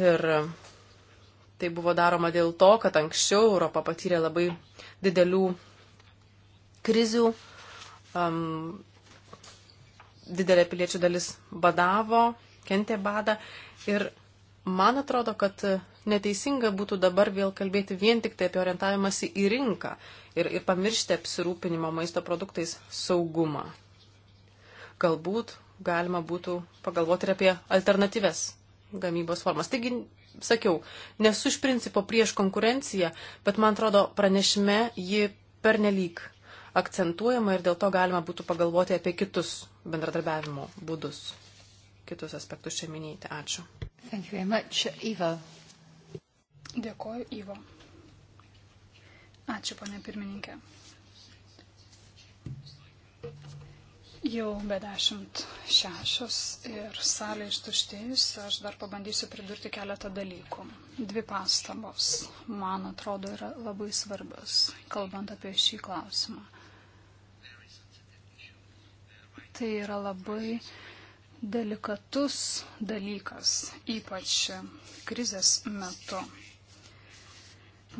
ir um, Tai buvo daroma dėl to, kad anksčiau Europa patyrė labai didelių krizių, um, didelė piliečių dalis badavo, kentė badą ir man atrodo, kad neteisinga būtų dabar vėl kalbėti vien tik tai apie orientavimąsi į rinką ir, ir pamiršti apsirūpinimo maisto produktais saugumą. Galbūt galima būtų pagalvoti ir apie alternatyves gamybos formas. Taigi, sakiau, nesu iš principo prieš konkurenciją, bet man atrodo, pranešime ji pernelyg akcentuojama ir dėl to galima būtų pagalvoti apie kitus bendradarbiavimo būdus, kitus aspektus čia minėti. Ačiū. Thank you very much, Ivo. Dėkoju, Ivo. Ačiū, ponė pirmininkė. Jau be dešimt šešios ir salė ištuštėjus, aš dar pabandysiu pridurti keletą dalykų. Dvi pastabos, man atrodo, yra labai svarbios, kalbant apie šį klausimą. Tai yra labai delikatus dalykas, ypač krizės metu.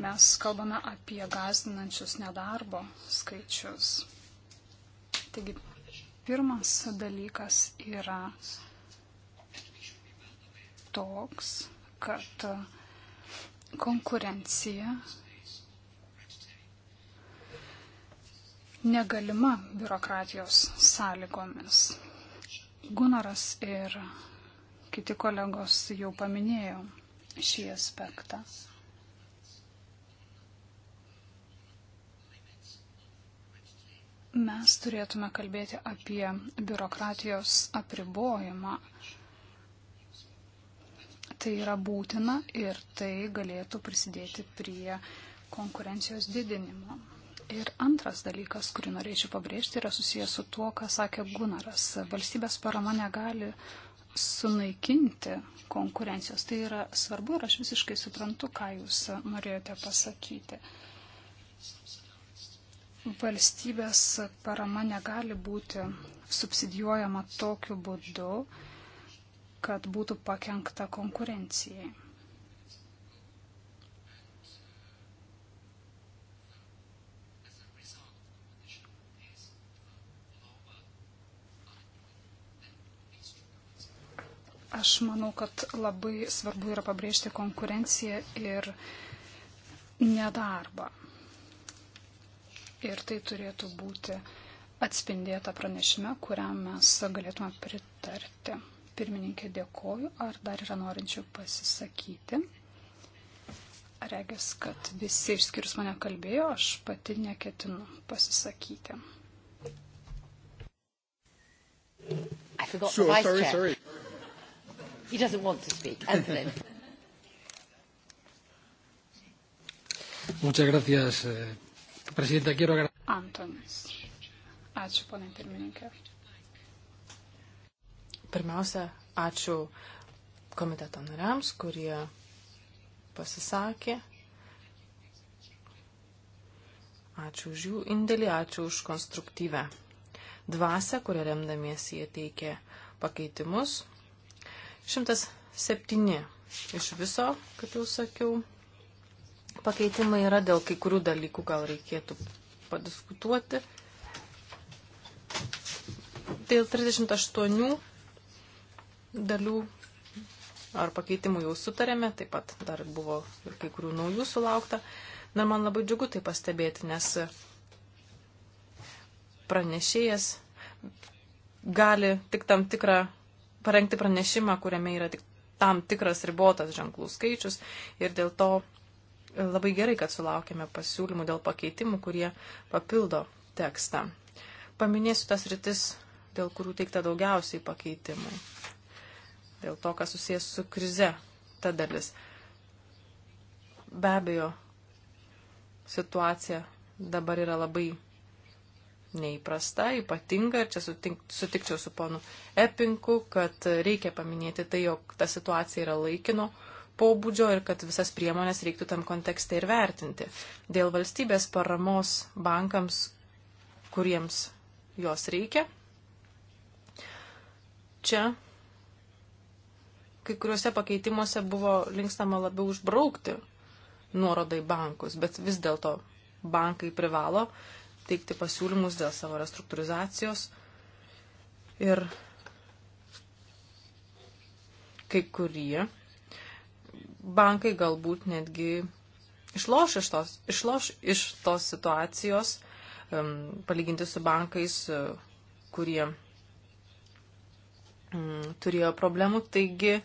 Mes kalbame apie gazdinančius nedarbo skaičius. Taigi Pirmas dalykas yra toks, kad konkurencija negalima biurokratijos sąlygomis. Gunaras ir kiti kolegos jau paminėjo šį aspektą. Mes turėtume kalbėti apie biurokratijos apribojimą. Tai yra būtina ir tai galėtų prisidėti prie konkurencijos didinimo. Ir antras dalykas, kurį norėčiau pabrėžti, yra susijęs su tuo, ką sakė Gunaras. Valstybės parama negali sunaikinti konkurencijos. Tai yra svarbu ir aš visiškai suprantu, ką jūs norėjote pasakyti. Uh, valstybės parama negali būti subsidijuojama tokiu būdu, kad būtų pakengta konkurencijai. Aš manau, kad labai svarbu yra pabrėžti konkurenciją ir nedarbą ir tai turėtų būti atspindėta pranešime, kuriam mes galėtume pritarti. Pirmininkė, dėkoju. Ar dar yra norinčių pasisakyti? Regis, kad visi išskyrus mane kalbėjo, aš pati neketinu pasisakyti. I forgot sure, the vice sorry, chair. Sorry. He doesn't want to speak. Anthony. Muchas gracias, eh, Presidente, quiero agradecer. Antonis. Ačiū, ponai pirmininkė. Pirmiausia, ačiū komiteto nariams, kurie pasisakė. Ačiū už jų indėlį, ačiū už konstruktyvę dvasę, kurią remdamiesi jie teikė pakeitimus. 107 iš viso, kaip jau sakiau, pakeitimai yra, dėl kai kurių dalykų gal reikėtų padiskutuoti. Dėl 38 dalių ar pakeitimų jau sutarėme, taip pat dar buvo ir kai kurių naujų sulaukta. Na, man labai džiugu tai pastebėti, nes pranešėjas gali tik tam tikrą parengti pranešimą, kuriame yra tik tam tikras ribotas ženklų skaičius ir dėl to Labai gerai, kad sulaukėme pasiūlymų dėl pakeitimų, kurie papildo tekstą. Paminėsiu tas rytis, dėl kurių teikta daugiausiai pakeitimų. Dėl to, kas susijęs su krize, ta dalis. Be abejo, situacija dabar yra labai neįprasta, ypatinga, ir čia sutink, sutikčiau su ponu Epinku, kad reikia paminėti tai, jog ta situacija yra laikino pobūdžio ir kad visas priemonės reiktų tam kontekste ir vertinti. Dėl valstybės paramos bankams, kuriems jos reikia. Čia kai kuriuose pakeitimuose buvo linkstama labiau užbraukti nuorodai bankus, bet vis dėlto bankai privalo teikti pasiūlymus dėl savo restruktūrizacijos ir kai kurie bankai galbūt netgi išloš iš tos, išloš iš tos situacijos, um, palyginti su bankais, e, kurie um, turėjo problemų. Taigi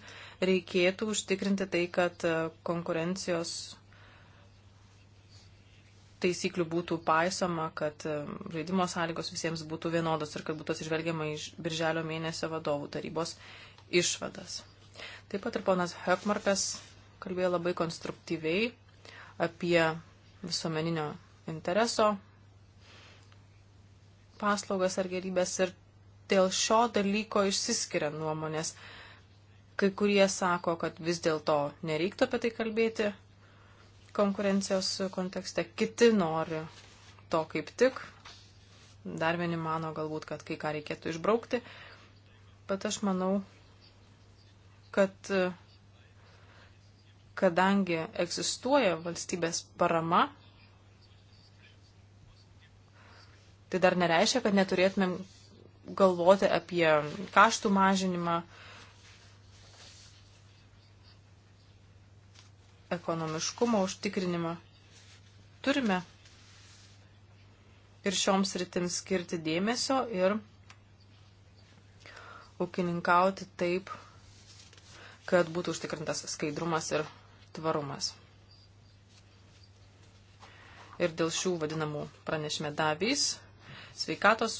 reikėtų užtikrinti tai, kad e, konkurencijos taisyklių būtų paisoma, kad e, žaidimo sąlygos visiems būtų vienodos ir kad būtų atsižvelgiama iš birželio mėnesio vadovų tarybos išvadas. Taip pat ir ponas Hökmarkas kalbėjo labai konstruktyviai apie visuomeninio intereso paslaugas ar gerybės ir dėl šio dalyko išsiskiria nuomonės. Kai kurie sako, kad vis dėlto nereiktų apie tai kalbėti konkurencijos kontekste, kiti nori to kaip tik, dar vieni mano galbūt, kad kai ką reikėtų išbraukti, bet aš manau, kad kadangi egzistuoja valstybės parama, tai dar nereiškia, kad neturėtumėm galvoti apie kaštų mažinimą, ekonomiškumo užtikrinimą. Turime ir šioms rytims skirti dėmesio ir ūkininkauti taip, kad būtų užtikrintas skaidrumas ir tvarumas. Ir dėl šių vadinamų pranešime davys sveikatos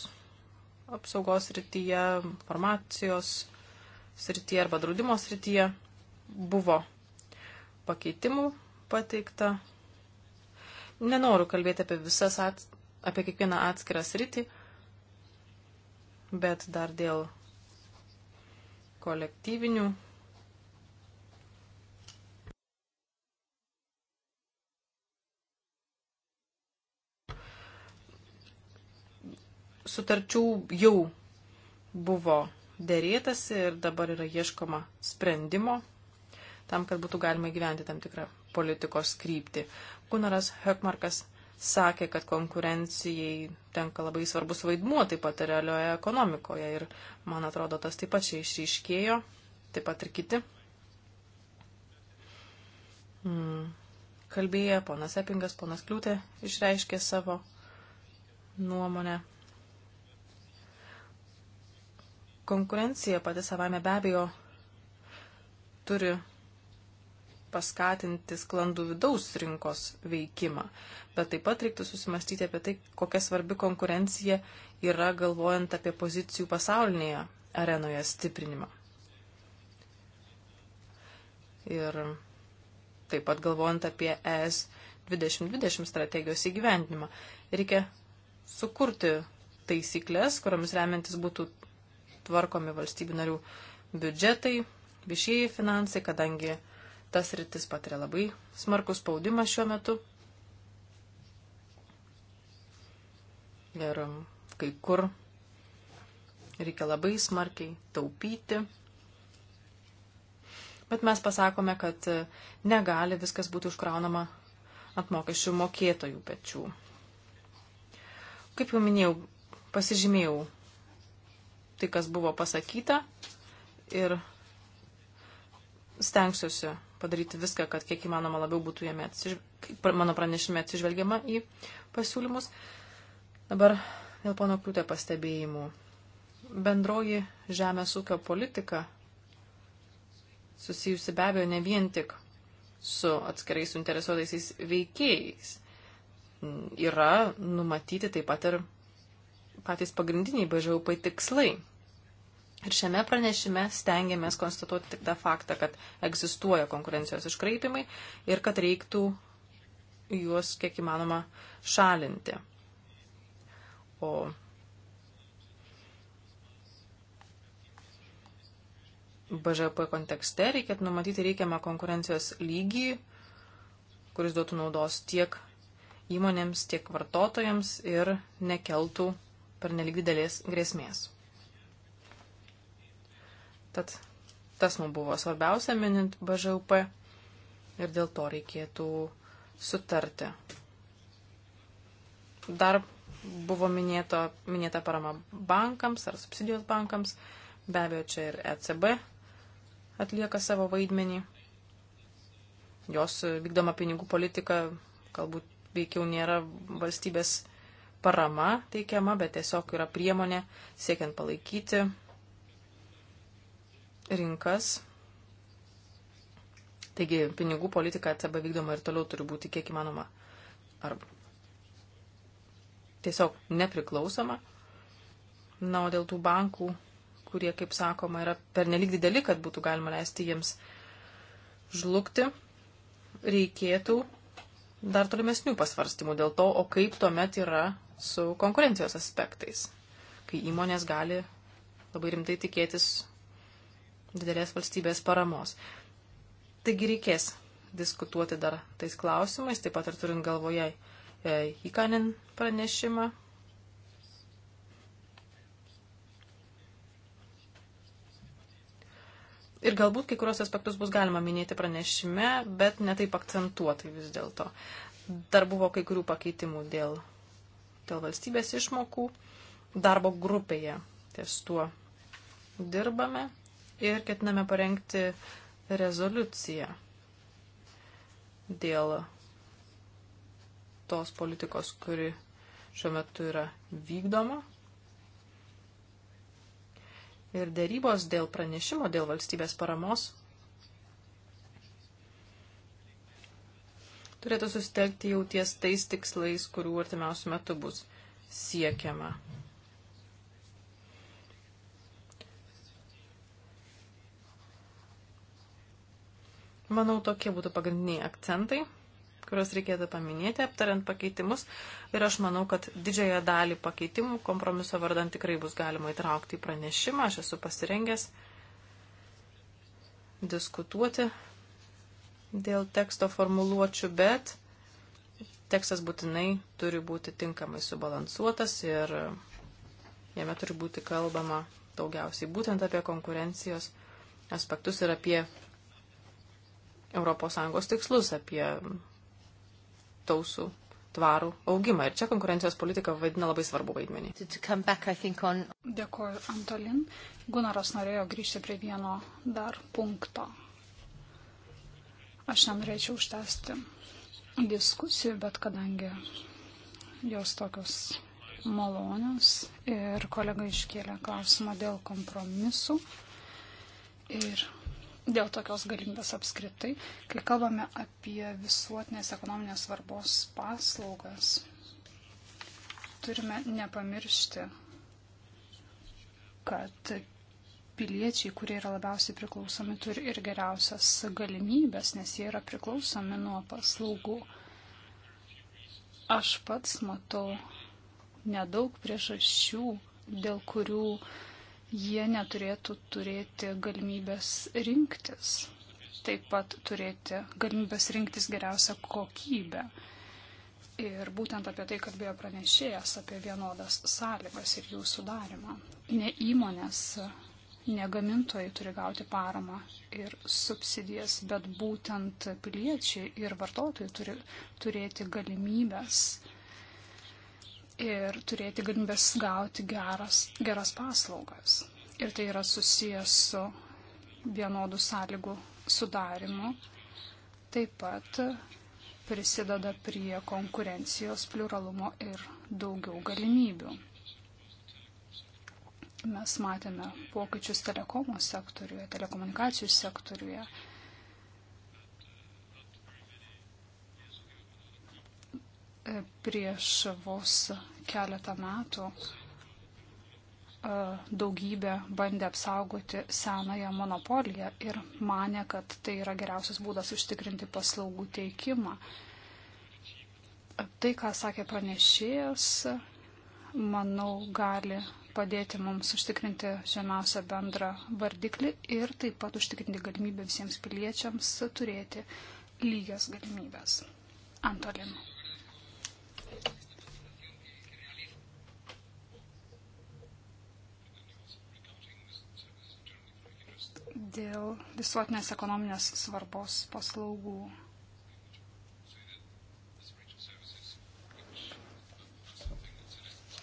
apsaugos srityje, farmacijos srityje arba draudimo srityje buvo pakeitimų pateikta. Nenoriu kalbėti apie visas, at, apie kiekvieną atskirą sritį, bet dar dėl kolektyvinių sutarčių jau buvo dėrėtas ir dabar yra ieškoma sprendimo tam, kad būtų galima įgyventi tam tikrą politikos kryptį. Gunaras Hökmarkas sakė, kad konkurencijai tenka labai svarbus vaidmuo taip pat realioje ekonomikoje ir, man atrodo, tas taip pat čia išryškėjo, taip pat ir kiti. Mm. Kalbėję ponas Epingas, ponas Kliūtė išreiškė savo nuomonę Konkurencija pati savame be abejo turi paskatinti sklandų vidaus rinkos veikimą. Bet taip pat reiktų susimastyti apie tai, kokia svarbi konkurencija yra galvojant apie pozicijų pasaulinėje arenoje stiprinimą. Ir taip pat galvojant apie ES 2020 strategijos įgyvendinimą. Reikia sukurti taisyklės, kuriomis remiantis būtų tvarkomi valstybių narių biudžetai, viešieji finansai, kadangi tas rytis patiria labai smarkus spaudimas šiuo metu. Ir um, kai kur reikia labai smarkiai taupyti. Bet mes pasakome, kad e, negali viskas būti užkraunama ant mokesčių mokėtojų pečių. Kaip jau minėjau, pasižymėjau tai, kas buvo pasakyta ir stengsiuosi padaryti viską, kad kiek įmanoma labiau būtų jame atsižvelgiama, mano pranešime atsižvelgiama į pasiūlymus. Dabar dėl pono kliūtė pastebėjimų. Bendroji žemės ūkio politika susijusi be abejo ne vien tik su atskirais suinteresuotaisiais veikėjais. Yra numatyti taip pat ir patys pagrindiniai BŽUP tikslai. Ir šiame pranešime stengiamės konstatuoti tik tą faktą, kad egzistuoja konkurencijos iškraipimai ir kad reiktų juos kiek įmanoma šalinti. O BŽP kontekste reikėtų numatyti reikiamą konkurencijos lygį, kuris duotų naudos tiek įmonėms, tiek vartotojams ir nekeltų per nelik didelės grėsmės. Tad tas mums buvo svarbiausia minint BŽUP ir dėl to reikėtų sutarti. Dar buvo minėto, minėta parama bankams ar subsidijos bankams, be abejo čia ir ECB atlieka savo vaidmenį. Jos vykdoma pinigų politika galbūt veikiau nėra valstybės parama teikiama, bet tiesiog yra priemonė siekiant palaikyti rinkas. Taigi pinigų politika ECB vykdoma ir toliau turi būti kiek įmanoma arba tiesiog nepriklausoma. Na, o dėl tų bankų, kurie, kaip sakoma, yra pernelik dideli, kad būtų galima leisti jiems žlugti, reikėtų dar tolimesnių pasvarstymų dėl to, o kaip tuomet yra su konkurencijos aspektais, kai įmonės gali labai rimtai tikėtis didelės valstybės paramos. Taigi reikės diskutuoti dar tais klausimais, taip pat ir turint galvoje įkanin e, pranešimą Ir galbūt kai kurios aspektus bus galima minėti pranešime, bet netaip akcentuotai vis dėlto. Dar buvo kai kurių pakeitimų dėl, dėl valstybės išmokų. Darbo grupėje ties tuo dirbame ir ketiname parengti rezoliuciją dėl tos politikos, kuri šiuo metu yra vykdoma ir dėrybos dėl pranešimo, dėl valstybės paramos turėtų susitelkti jau ties tais tikslais, kurių artimiausių metų bus siekiama. Manau, tokie būtų pagrindiniai akcentai kurios reikėtų paminėti, aptariant pakeitimus. Ir aš manau, kad didžiąją dalį pakeitimų kompromiso vardan tikrai bus galima įtraukti į pranešimą. Aš esu pasirengęs diskutuoti dėl teksto formuluočių, bet tekstas būtinai turi būti tinkamai subalansuotas ir jame turi būti kalbama daugiausiai būtent apie konkurencijos aspektus ir apie ES tikslus, apie tausų tvarų augimą. Ir čia konkurencijos politika vaidina labai svarbu vaidmenį. Back, on... Dėkuoju, Antolin. Gunaras norėjo grįžti prie vieno dar punkto. Aš nenorėčiau užtęsti diskusijų, bet kadangi jos tokios malonios ir kolega iškėlė klausimą dėl kompromisų ir dėl tokios galimybės apskritai, kai kalbame apie visuotinės ekonominės svarbos paslaugas. Turime nepamiršti, kad piliečiai, kurie yra labiausiai priklausomi, turi ir geriausias galimybės, nes jie yra priklausomi nuo paslaugų. Aš pats matau nedaug priežasčių, dėl kurių uh, jie neturėtų turėti galimybės rinktis, taip pat turėti galimybės rinktis geriausią kokybę. Ir būtent apie tai kalbėjo pranešėjas, apie vienodas sąlygas ir jų sudarimą. Ne įmonės, ne gamintojai turi gauti paramą ir subsidijas, bet būtent piliečiai ir vartotojai turi turėti galimybės ir turėti galimybės gauti geras, geras paslaugas. Ir tai yra susijęs su vienodų sąlygų sudarimu. Taip pat prisideda prie konkurencijos, pluralumo ir daugiau galimybių. Mes matėme pokyčius telekomo sektoriuje, telekomunikacijų sektoriuje. prieš vos keletą metų e, daugybė bandė apsaugoti senąją monopoliją ir mane, kad tai yra geriausias būdas užtikrinti paslaugų teikimą. Tai, ką sakė pranešėjas, manau, gali padėti mums užtikrinti žemiausią bendrą vardiklį ir taip pat užtikrinti galimybę visiems piliečiams turėti lygias galimybės. Antolinu. dėl visuotinės ekonominės svarbos paslaugų.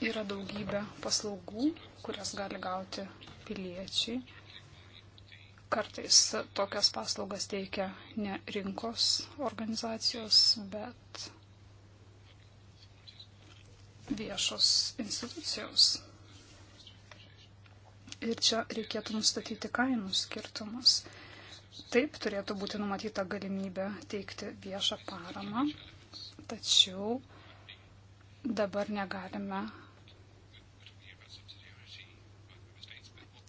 Yra daugybė paslaugų, kurias gali gauti piliečiai. Kartais tokias paslaugas teikia ne rinkos organizacijos, bet viešos institucijos ir čia reikėtų nustatyti kainų skirtumus. Taip turėtų būti numatyta galimybė teikti viešą paramą, tačiau dabar negalime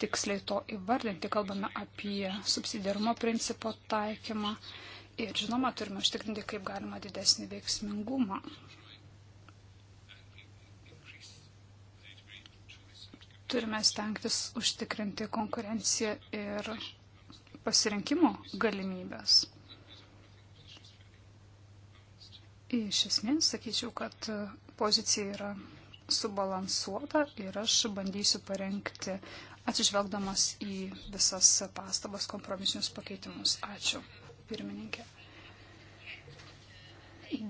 tiksliai to įvardinti. Kalbame apie subsidiarumo principo taikymą ir, žinoma, turime užtikrinti kaip galima didesnį veiksmingumą. Turime stengtis užtikrinti konkurenciją ir pasirinkimo galimybės. Iš esmės, sakyčiau, kad pozicija yra subalansuota ir aš bandysiu parengti, atsižvelgdamas į visas pastabas kompromisinius pakeitimus. Ačiū, pirmininkė.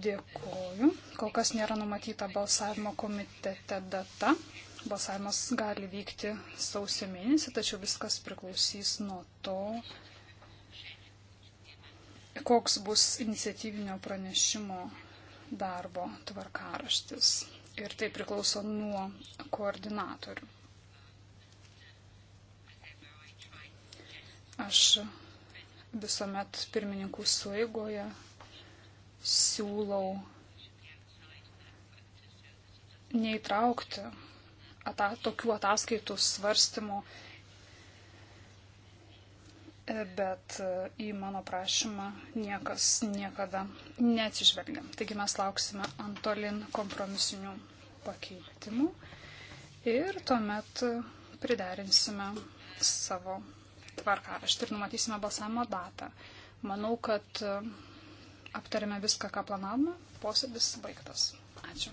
Dėkoju. Kol kas nėra numatyta balsavimo komitete data. Balsavimas gali vykti sausio mėnesį, tačiau viskas priklausys nuo to, koks bus iniciatyvinio pranešimo darbo tvarkaraštis. Ir tai priklauso nuo koordinatorių. Aš visuomet pirmininkų suėgoje siūlau neįtraukti ata, tokių ataskaitų svarstymų, e, bet e, į mano prašymą niekas niekada neatsižvelgia. Taigi mes lauksime antolin kompromisinių pakeitimų ir tuomet priderinsime savo tvarkaraštį ir numatysime balsavimo datą. Manau, kad e, aptarėme viską, ką planavome, posėdis baigtas. Ačiū.